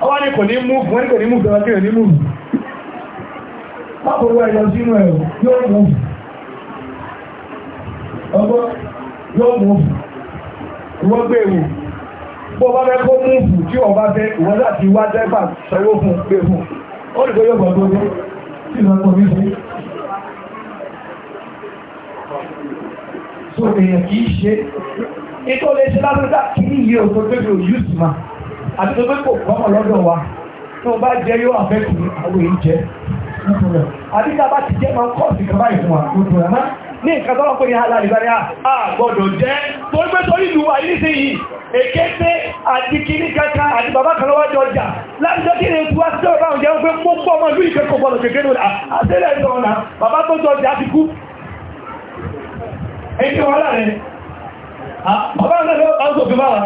S2: ọwá ní kò ní mú wọ́n ní kò ní mú bẹ̀rẹ̀ kí ní mú pápọ̀lọ́ ẹ̀yọ sínú ẹ̀ yóò mú ọgbọ́ yóò mú ìwọ́n gbé ewu bó bá mẹ́kọ́ mú bù tí ọba fẹ́ ìwọ́n láti wá dẹ́gbà sọ́wọ́ fún gbé fún ó ní kò yóò gbọ́ gbogbo tí ìlànà pọ̀ nípa so èèyàn kì í ṣe nítorí ṣe lábẹ́ká kí ní iye òkú tó bí òyùsùn máa àti tó pé kò gbọ́mọ̀ lọ́dọ̀ wa tó bá jẹ yóò àfẹ́kù àwọn èyí jẹ nítorí àti tá a bá ti jẹ máa ń kọ́ọ̀sì kan báyìí fún wa nítorí àmá ní nǹkan tó wọ́n pè ní hàlá ìbárí àgbọ̀dọ̀ jẹ́ tó gbé torí ìlú wa yìí sí yìí èkété àti kìíní kaka àti bàbá kan lọ́wọ́ jọ jà lábíjọ́ kí ní ìtura sí ọ̀rọ̀ àwọn jẹun pé mú pọ̀ mọ́ ìlú ìkẹ́kọ̀ọ́ bọ́ọ̀lù kékeré àtẹ́lẹ̀ ìjọ̀ọ̀nà bàbá tó jọ jà ti kú ẹni wọ́n láàrin bàbá náà lọ́wọ́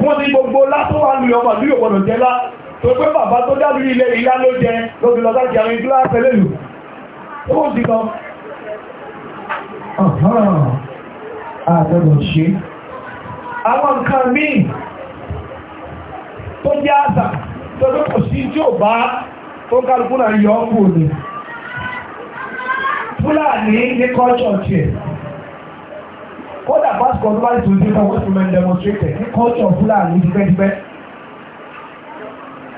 S2: wọ́n ti gbogbo látó wà lórí ọmọ lórí ògbọ̀dọ̀ jẹ́ lá tó pé bàbá tó dá lórí ilé ìyá ló jẹ lóbi lọ sáàjì àwọn ìdúrà pẹ̀lẹ́ lù ó kò sí kan àtẹ́bọ̀ ṣe àwọn nǹkan míì tó jẹ́ àṣà tó pé kò sí tí ò bá tó kálukú náà yọ ọ́ kù ní Fúlàní ní kọ́ṣọ̀ọ̀tì kódà pásítọ̀ ọdún wáyé tó ń dínkà wọ́n ti mọ̀ demonstrated ní culture fúlàní dípẹ́dípẹ́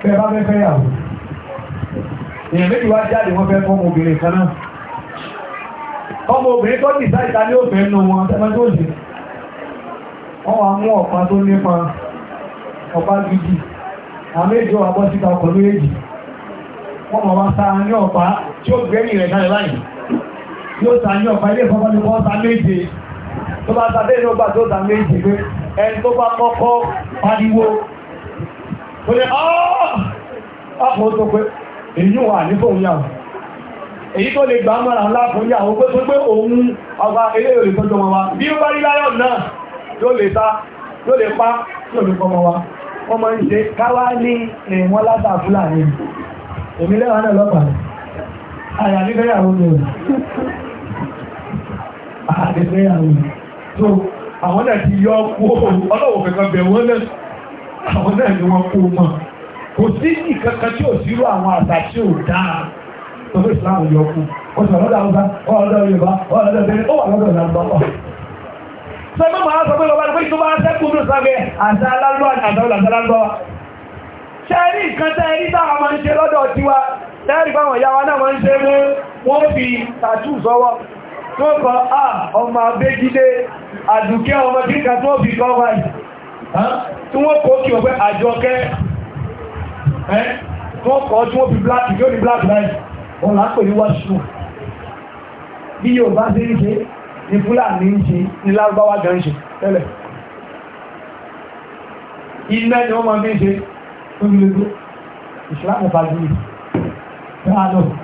S2: bẹ́ẹ̀ bá fẹ́ fẹ́ yàwó èèyàn méjì wá jáde wọ́n fẹ́ fọ́mọ obìnrin kan náà ọmọ obìnrin tó dì sáìta ní òfin nù wọn tẹ́lẹ̀ tó lè wọ́n wá mú ọ̀pá tó nípa ọ̀pá gidi àméjọ àbọ́ síta ọkọ̀ méjì wọ́n mọ̀ wá sáà ní ọ̀pá tí ó gbẹ́mì rẹ̀ kalẹ̀ báyìí yóò sáà ní ọ̀pá ilé ìfọ́fọ́ tó bá tàbí ìlú ọgbà tó dà méjì pé ẹni tó bá kọ́kọ́ pariwo tó ní ọ́pọ̀ tó pé èyí wà ní fóun yàwó èyí tó lè gbà mọ́ra ńlá fún yàwó pé tó pé òun ọba ilé ìrè tó jọmọ wa bí ó bá rí láyọ̀ náà yóò lè ta yóò lè pa yóò lè fọmọ wa wọ́n máa ń ṣe káwá ní ìwọ̀n látà fúlàní èmi lẹ́wọ̀n náà lọ́pàá àyà nígbẹ́yàwó mi ò àdìgbẹ́yàwó mi tó àwọn náà ti yọ kó ọlọ́wọ̀ kankan bẹ̀ wọ́n lẹ́ àwọn náà ni wọ́n kó mọ̀ kò sí ìkankan tí ò sírò àwọn àṣà tí ò dáa tó fẹ́ ìsìláàmù yọ kó wọ́n sọ̀rọ̀ lọ́dọ̀ àwọn ọ̀dọ́ Yorùbá ọ̀dọ́ bẹ̀rẹ̀ ó wà lọ́dọ̀ ìlànà sọ́mọ́ máa sọ pé lọ́wọ́ pé tó máa sẹ́kùn ní sọ́gbẹ́ àti alálọ́ àtàwọn àtàlálọ́ ṣẹ́rí nǹkan tẹ́rí táwọn máa ń ṣe lọ́dọ̀ tiwa tẹ́rí báwọn ìyá wa náà máa ń ṣe mú wọ́n fi tàtù sọ́wọ́ tó kọ à ọmọ abégídé àdùkẹ́ ọmọ kíkà tó bí kọ́ wáyìí tí wọ́n kọ́ kí ọgbẹ́ àjọkẹ́ wọ́n kọ́ tí wọ́n fi black yóò ní black line wọ́n lápò ní wáṣù bí yóò bá sí ń ṣe ní fúlàní ń ṣe ní lárúbáwá gan ṣe tẹ́lẹ̀ iná ni wọ́n máa ń ṣe tó ń lè ló ìṣúra kọ̀ọ̀kan yìí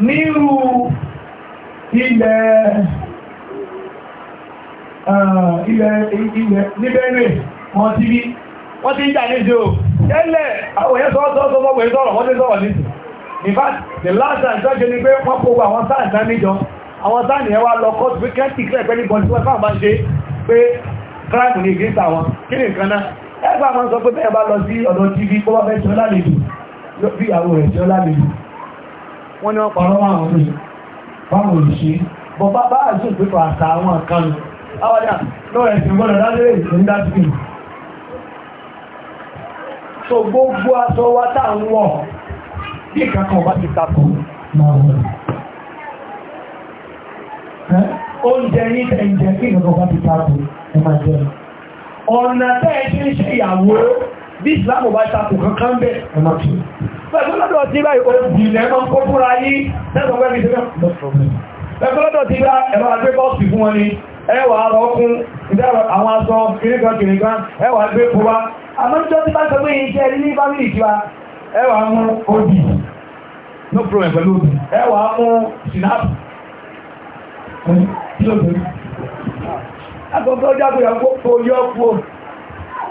S2: nírú ilẹ̀ níbẹ̀rẹ̀ wọ́n ti rí wọ́n ti ń jà ní ìjọ tẹ́lẹ̀ àwọn èyẹ́ sọ́ọ́sọ́ọ́sọ́wọ́ sọ́rọ̀ wọ́n ti sọ́rọ̀ ní in fact the last time sọ́jọ́ ni pé wọ́n kó àwọn sáàdá níjọ àwọn sáàdì ẹwà lọ kọ́tù pé kẹ́ntì kílẹ̀ pẹ́lú bọ́n tí wọ́n sáà bá ṣe pé crime ní ìgbésà wọn kí ni nǹkan náà ẹgbà máa sọ pé bẹ́ẹ̀ bá lọ sí ọ̀dọ̀ tv kó wọ́n fẹ́ ṣe ọlálejò bí ìyàwó rẹ̀ wọ́n ní wọ́n parọ́ wọn àwọn òṣìṣẹ́ báwọn òṣìṣẹ́ bọ́ bá bá àṣẹ ìpépà àṣà àwọn àkànù àwọ̀dà lọ́rẹ̀ ẹ̀sìn gbọ́dọ̀ lálẹ́ ìlú dátìkì so gbogbo aṣọ wa tá à ń wọ̀ bí kankan bá ti takò oúnjẹ ní ẹ̀jẹ̀ kí kankan bá ti takò ẹ máa jẹ ọ̀nà tẹ́ ẹ ṣe ń ṣe ìyàwó bí ìsìlámù bá takò kankan bẹ́ẹ̀ Pẹ̀lọ́dọ̀ ti bá ìdílẹ̀ mọ́ kó fúnra yí, pẹ̀lọ́dọ̀ ti bá ẹ̀rọ àgbé bọ́ọ̀sì fún wọn ni, ẹwà ọkùn, ìdára àwọn aṣọ kìrìkan kìrìkan, ẹwà gbé fúwa. Àmọ́jọ́ ti bá sọ pé iṣẹ́ ní bá no problem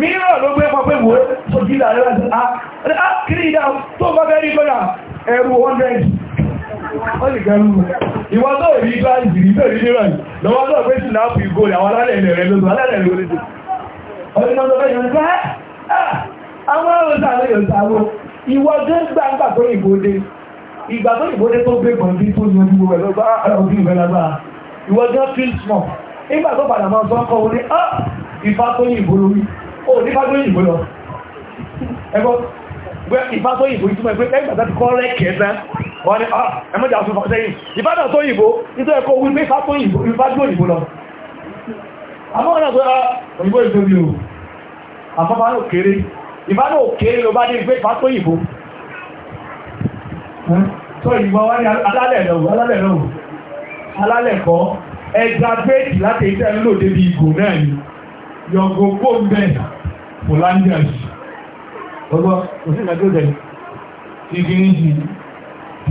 S2: míràn ló gbé pọ̀pẹ́ ìwò tó jílà rẹ̀ láti á ah, ah, kìrì ìdá tó bá bẹ́rí kọ́dà ẹ̀rù 100 ó lè gẹ̀rù ìwọ́ tó rí gbá ìjìrí tó rí níràn lọ́wọ́ tó pé sí láàpù ìgò àwọn alálẹ̀ rẹ̀ lọ́dún alálẹ̀ rẹ̀ lọ́dún ọdún ọdún ọdún ọdún ọdún ọdún ọdún ọdún ọdún ìfá tó yìnbó lórí ó nífá tó yìnbó lọ ẹgbọ́ gbé ìfá tó yìnbó ìtumọ̀ pé ẹgbàtà ti kọ́ rẹ́kẹ̀ẹ́ta wọ́n ni ah, ẹmọ́jà fún fàṣẹ́yìn ìfádà tó yìnbó nítorí ẹ̀kọ́ wípé ìfá tó yìnbó ìfá tó yìnbó lọ àmọ́ ọ̀nà pé ah, òyìnbó ìtòbí o àfọ́fà náà kéré ìfá náà kéré ló bá dé pé ìfá tó yìnbó tó yìnbó wá ní alálẹ̀ lọ́wọ́ alálẹ̀ lọ́wọ́ alálẹ̀ kọ́ ẹgbà bẹ́ẹ̀kì láti débi ìgò náà ni yọ̀gò kó ń bẹ̀ polandias ọgbọ́ òsìnàgbẹ́gbẹ̀ ìgbìyàn jì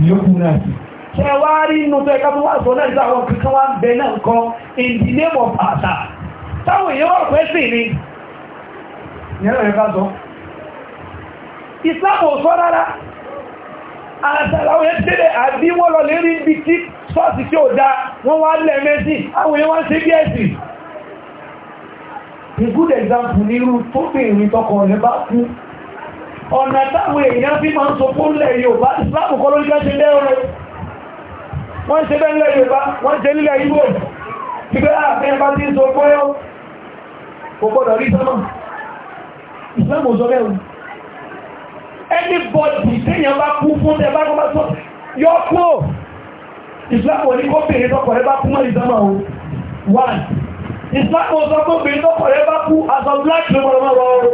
S2: yóò náà ṣe wá rí inú tó ẹka tó wá sọ náà ìgbà àwọn kankan wá ń bẹ náà nǹkan in the name of àṣà táwọn èèyàn wà pẹ́ sí ni ìyẹ́rọ rẹ̀ bá sọ ìsìláàmù ò sọ rárá àṣà làwọn èèyàn tẹ́lẹ̀ àbí wọ́n lọ lérí ibi tí sọ́ọ̀sì tí ò da wọ́n wá lẹ́ẹ̀mẹ́sì àwọn èèyàn wá ń ṣe bí ẹ̀sìn a good example ní irú tó bèèrè tọkọ̀ rẹ̀ bá kú ọ̀nà táwọn èèyàn fi máa ń so fún lẹ̀ Yorùbá ìsìláàmù kọ́ lórí kẹ́sí lẹ́rọ wọ́n ṣe bẹ́ lẹ́ Yorùbá wọ́n ṣe nílẹ̀ Igbo ti pé àfihàn bá ti ń so fún ẹ́ kò gbọ́dọ̀ rí sọ́nà ìsìláàmù anybody téèyàn bá kú fún ẹ bá kọ́ bá sọ yọ kúrò ìsìláàmù ní kó bèèrè tọkọ̀ rẹ̀ bá kú mọ́ ìsọ́nà one ìsáàkọ̀ sọ pé obìnrin lọ́pọ̀ rẹ̀ bá kú aṣọ black ló mọ̀rọ̀ mọ̀rọ̀ ọrọ̀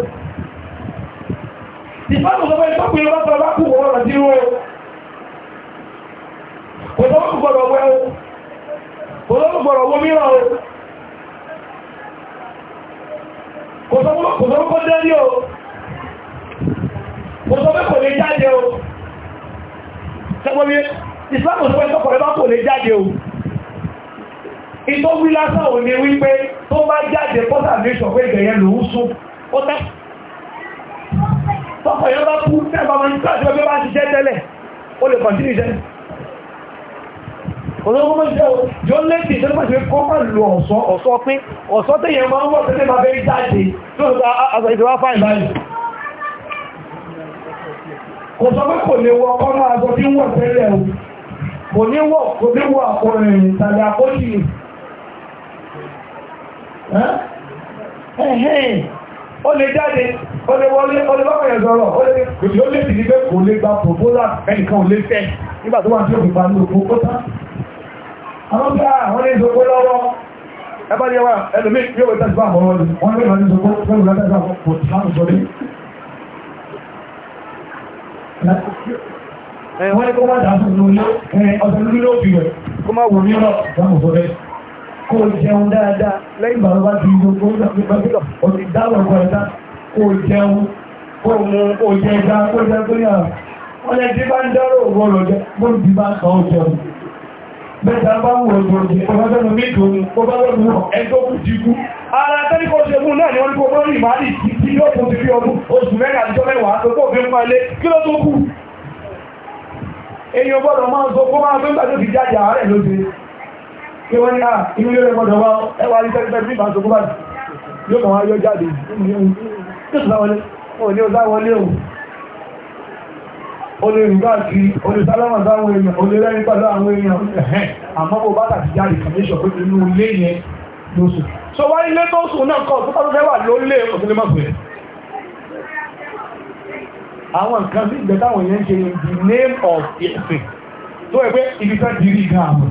S2: ìsáàkọ̀ sọ pé ìtọ́pìnrin lọ́pọ̀ rẹ̀ bá kú wọ́n rọ̀ sí wọ́n kò tó kù gbọ́dọ̀ wẹ́ o kò tó kù gbọ́dọ̀ wọ mìíràn o kò tó kù kó dẹ́rí o kò tó ìtọ́ wí lásán ò ní wípé tó bá jáde pọ́tà nation pé ìgbẹ̀yẹn ló ń sún pọ́tà tọ́kọ̀ yẹn bá kú tẹ́gbà mọ́ nípa àti ọjọ́ bá ti jẹ́ tẹ́lẹ̀ ó lè kọ̀ntínú jẹ́ olóògùn mọ́ jẹ́ jọ lẹ́tì ìtẹ́lẹ́pàṣẹ kọ́kọ́ lù ọ̀sọ́ ọ̀sọ́ pé ọ̀sọ́ tẹ́yẹ máa ń wọ́n tẹ́lẹ́ máa bẹ́ jáde tó ń ta àṣà ìjọba fáì báyìí kò sọ pé kò lè wọ ọkọ́ máa sọ tí ń wọ̀ tẹ́lẹ̀ o kò ní wọ̀ kò ní wọ àpọ̀ rẹ̀ eh, tàbí àpótì ó lè jáde ó lè wọlé ó lè báwọn ẹ̀sọ̀rọ̀ ó lè kò lè sì ní pé kò lè gba proposal ẹnìkan ò lè fẹ́ nígbà tó wà tí ó fi pa ní òkú ó tán àwọn bí àwọn ah, ní ìṣòkó lọ́wọ́ ẹbá ní ẹwà ẹlòmí yóò wọ́n tẹ́sí bá àwọn ọmọ ọdún wọ́n lè ní ìṣòkó pẹ̀lú látẹ́sí àwọn kò tí wọ́n sọ ní ẹ̀wọ́n ní kó má kó jẹun dáadáa lẹ́yìn bàbá bá ti gbogbo ìgbàgbà pílọ̀ òtì dáwọ̀gbọ̀ ẹ̀dá kó jẹun kó mú kó jẹ ẹja kó jẹ tó ní àrùn wọ́n lẹ́ tí bá ń dárò òwò rọ̀ jẹ bó ti bá kàn ó jẹun bẹ́ta bá wù ọjọ́ jẹ ọba tẹ́nu mí tó ní ọba lọ́nu rọ̀ ẹjọ́ kù ti kú ara tẹ́lifọ̀ ṣe mú náà ni wọ́n ní kó bọ́ọ̀lì ìmáàlì tí yóò tó ti fi ọdún oṣù mẹ́rin àti mẹ́wàá tó kó fi ń pa ilé kí ló tó kù èyí ọgbọ́dọ̀ máa ń sọ kó máa gbé kí wọ́n ní à ah, inú yóò rẹ̀mọ́dọ̀ wá ẹwà ìfẹ́fẹ́ bí ìbáṣokú bá yóò kàn wá yóò jáde ní àwọn so wá ilé tó sùn náà kọ́ tó tọ́jú fẹ́wà ló lé òsìlẹ̀ nǹkan sí ìgbẹ́tàwọn yẹn ń ṣe in the name of ẹ̀sìn tó ẹgbẹ́ ibi tẹ́ dirí gan àwọn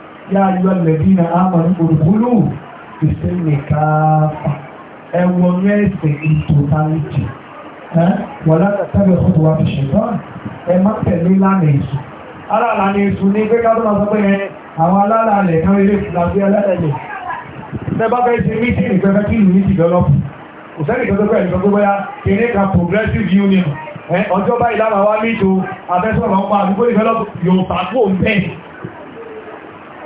S1: yá ayọ́ lẹ́bínà àmàrí olùgbóló ìsinmi káàfà ẹwọ̀n ẹ̀sẹ̀ ètò tàríjì wọ́n láti
S2: tẹ́lẹ̀ fún wa fi ṣẹ̀tọ́n ẹ má tẹ̀lé lánà èṣù alálà ní èṣù ní pé ká tó máa sọ pé yẹn àwọn alálà alẹ̀ kan ilé ìfìlàbí ẹlẹ́lẹ̀ tẹ́ bá fẹ́ ṣe mítìnì pẹ́fẹ́ kí ìlú ní ti dọ́lọ́pù kò sẹ́ni tó tọ́pẹ́ ìjọ gbogbo ya kéré ka progressive union ọjọ́ báyìí lára wá mítò abẹ́sọ̀rọ̀ ń pa àdúgbò ìfẹ́lọ́pù yóò tàkó bẹ́ẹ̀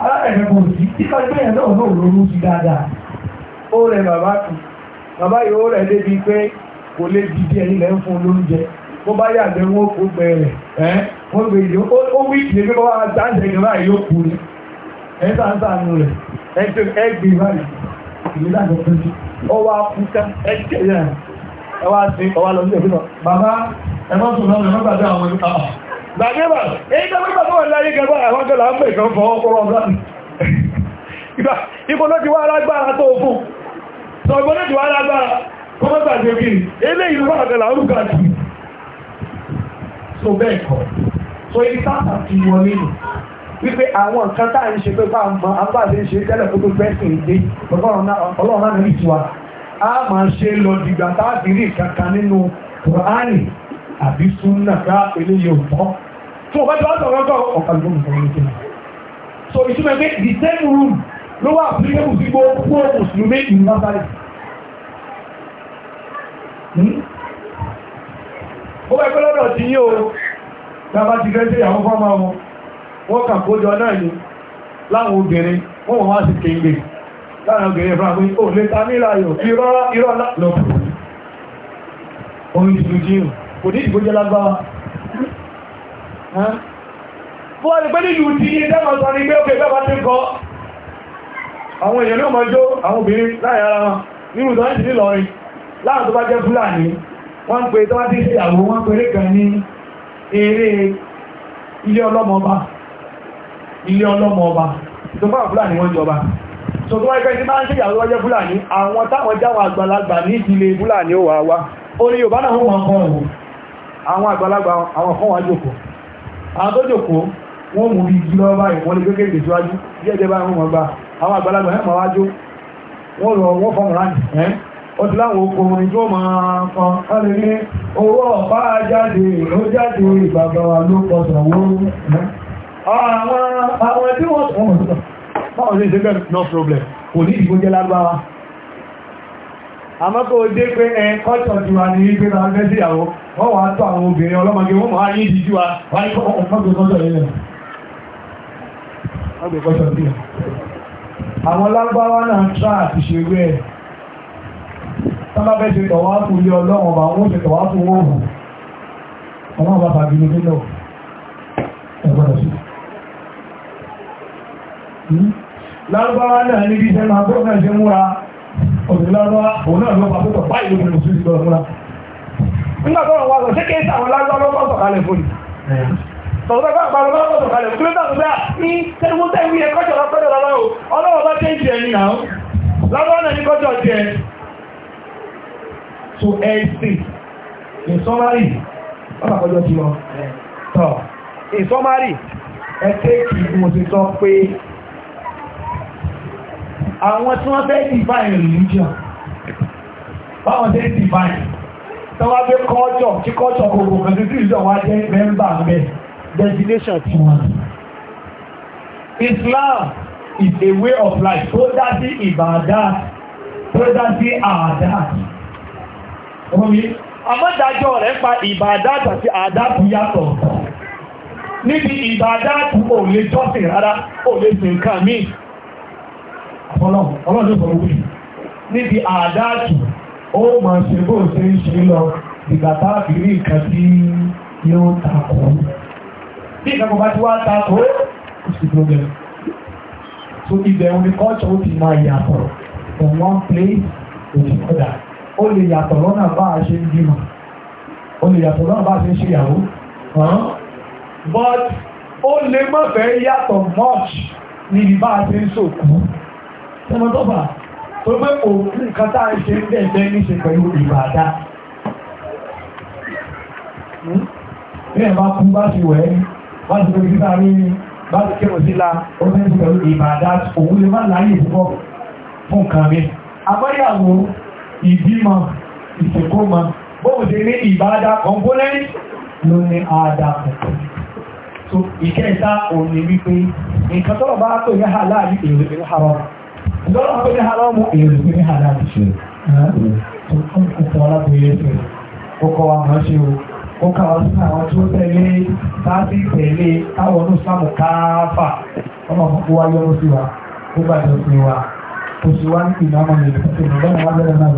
S2: Aa kò sí náà náà lóru sí dáadáa ó rẹ bàbá kan bàbá yìí ó débi pé kò lè dìde ẹ̀yìn lẹ́ ń fún lóúnjẹ bó bá yàgbẹ́ wọn kò gbẹ rẹ̀ wọ́n gbé yìí ó wí ìdílé pé dáńdẹ̀ yóò kú ni ẹ̀ ń ẹ̀ gbàgbébà èyí tó gbẹ́gbà tó wà láyé gẹ̀gbà àwọn gẹ̀lá ń pè kan fọ́ ọkọ̀rọ̀ ọ̀gbọ́n ìbò ló ti wá lágbára tó fún sọ ìbò ló ti wá lágbára kọ́mọ́gbà jẹ́ kí ilé ìlú wà gẹ̀lá ń rúkà jù so bẹ́ẹ̀ kọ́ so ìta àti wọn nínú wípé àwọn nǹkan tá à ń ṣe pé bá mọ abáàlé ṣe tẹ́lẹ̀ tó tó fẹ́sì ìdé ọlọ́run náà ní ìtura a máa ṣe lọ dìgbà táàbìrì kankan nínú kùránì àbí súnà ká eléyìí òtọ́ So wọ́n bá jọ the same room ló wà applicable sí gbogbo mùsùlùmí universally hmm? ó bá ẹgbẹ́ lọ́dọ̀ ti yí o dábá ti fẹ́ sí àwọn fọ́mà you wọ́n kà kójọ náà ni láwọn obìnrin wọ́n wọ́n wá sí kéńgbè láwọn obìnrin fún àwọn ò lè ta níláyọ̀ irọ́ irọ́ lọ́pọ̀ òun ìdìbò jíyàn kò ní ìdìbò jẹ́ fún ọdún pẹ́lú ìlú tí ilé tẹ́mọ̀ sọ ní pé ó fẹ́ bá ti kọ́ àwọn èèyàn náà mọ́jọ́ àwọn obìnrin láàrin ara wọn nínú tó ń ti nílọrin láàrin tó bá jẹ́ fúlàní wọ́n ń pè tó bá ti ṣe àwọn wọ́n pèrè kan ní eré ilé ọlọ́mọba ilé ọlọ́mọba tó bá fúlàní wọ́n jọba so tó wáyé pẹ́ntí máa ń ṣèyàwó tó wájẹ́ fúlàní àwọn táwọn jáwọn àgbàlagbà ní ìdílé fúlàní ó wà wá ó ní Yorùbá náà wọ́n kọ́ ọ̀hún àwọn àgbàlagbà àwọn kan wá jókòó àwọn tó jòkó wọ́n mú bí igi lọ́wọ́ báyìí wọ́n lè kékeré síwájú jẹ́jẹ́ báyìí wọ́n mọ̀ gbà àwọn àgbàlagbà náà máa jó wọ́n lọ wọ́n fọ́n rán ẹ́ ó ti láwọn oko orin tó máa kan wọ́n lè ní owó ọ̀pá jáde ló jáde ìbàbà wa ló pọ̀ sọ̀wọ́ àwọn tí wọ́n mọ̀ sí bẹ́ẹ̀ no problem kò ní ìgbójẹ́ lágbára àmọ́ tó dé pé ẹ kọ́tọ̀ ju wa ní pé náà fẹ́ sí ìyàwó wọ́n wàá tó àwọn obìnrin ọlọ́mọge wọ́n máa yí ìdíjú wa wáyé kọ́tọ̀ yẹn lẹ̀ àwọn lágbáwá náà ń tra àti ṣerú ẹ̀ tábàbẹ́ ṣe tọ̀wá fún ilé ọlọ́run ọba wọn ṣe tọ̀wá fún wọn hù ọmọ ọba fàbílẹ̀ nínú ẹgbọ́dọ̀ sí lágbáwá náà níbi iṣẹ́ máa bọ́ náà ṣe múra òmìnirọ́wọ́ òun náà ló pàtó tọ̀ báyìí lóbi lòsùn ìgbà ọ̀múra nígbà tó wà lọ sí kéèsì àwọn lágbàá lọ́wọ́ sọ̀kalẹ̀ fún mi tọ̀tọ̀ bá àgbà lọ́wọ́ sọ̀kalẹ̀ fún mi láti bá àwọn tí wọ́n fẹ́ divine religion báwọn tẹ́ divine tọ́wọ́ gbé culture tí culture gbogbo kan tí ìjọ wá jẹ́ member mẹ́ destination tí wọ́n Islam is a way of life tó dá sí ìbàdá tó dá sí àdá omi àmọ́dájọ́ rẹ̀ pa ìbàdá àti àdá tó yàtọ̀ níbi ìbàdá tó ò lè jọ́sìn rárá ò lè sìn kàmí fọ́lọ́run ọlọ́run ló sọ wí níbi àdáàtù ó mọ̀ ṣe bó ṣe ń ṣe lọ ìgbà tá a fi rí nǹkan tí yóò takò bí ìkàkọ̀ bá ti wá takò
S1: ó sì problem so ibẹ̀ òun ni culture ó ti máa yàtọ̀ from one place to the other ó lè
S2: yàtọ̀ lọ́nà bá a ṣe ń bímọ ó lè yàtọ̀ lọ́nà bá a ṣe ń ṣèyàwó but ó lè má yàtọ̀ much níbi bá a ṣe ń ṣòkú tẹmọtọ́fà tó pé òun nǹkan tá a ṣe ń bẹ̀ẹ̀bẹ̀ ní ṣe pẹ̀lú ìbàdá ní ẹ̀bá kú bá ti wẹ̀ bá ti pẹ̀lú títà rí ní bá ti kérò síla ó fẹ́ ti pẹ̀lú ìbàdá òun lè má láyé ìfúkọ́ fún kan mi àbáyàwó ìbímọ ìṣèkómọ bóun ṣe ní ìbàdá kọ̀ǹpónẹ́ntì ló ní àádá kọ̀ǹpónẹ́ntì so ìkẹta òun ni wípé nǹkan tọ́rọ̀ bá tó yẹ́ hà láàrin èrè lọ́rọ̀ pé ní haramu èrò pé ní haramu ṣe tó fún
S1: ìtàn alábòye ṣe ó kọ́ wa mọ́ ṣe o ó ká wa sí àwọn tí ó tẹ̀lé sáàsì tẹ̀lé táwọn oníṣàmù káfà ọmọ àkókò wa yọrọ sí wa ó bàjẹ́ sí wa kò sí wa ní ìnáwó ní ìlú pàṣẹ ìgbà náà wà lẹ́nu náà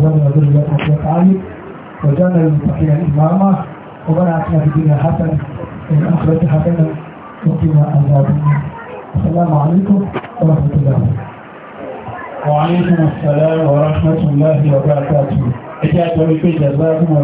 S1: wọ́n ní السلام عليكم ورحمة الله Wa alaikum assalam wa rahmatullahi wa barakatuh. Ẹjẹ́
S3: àtọ́rí pé jẹ́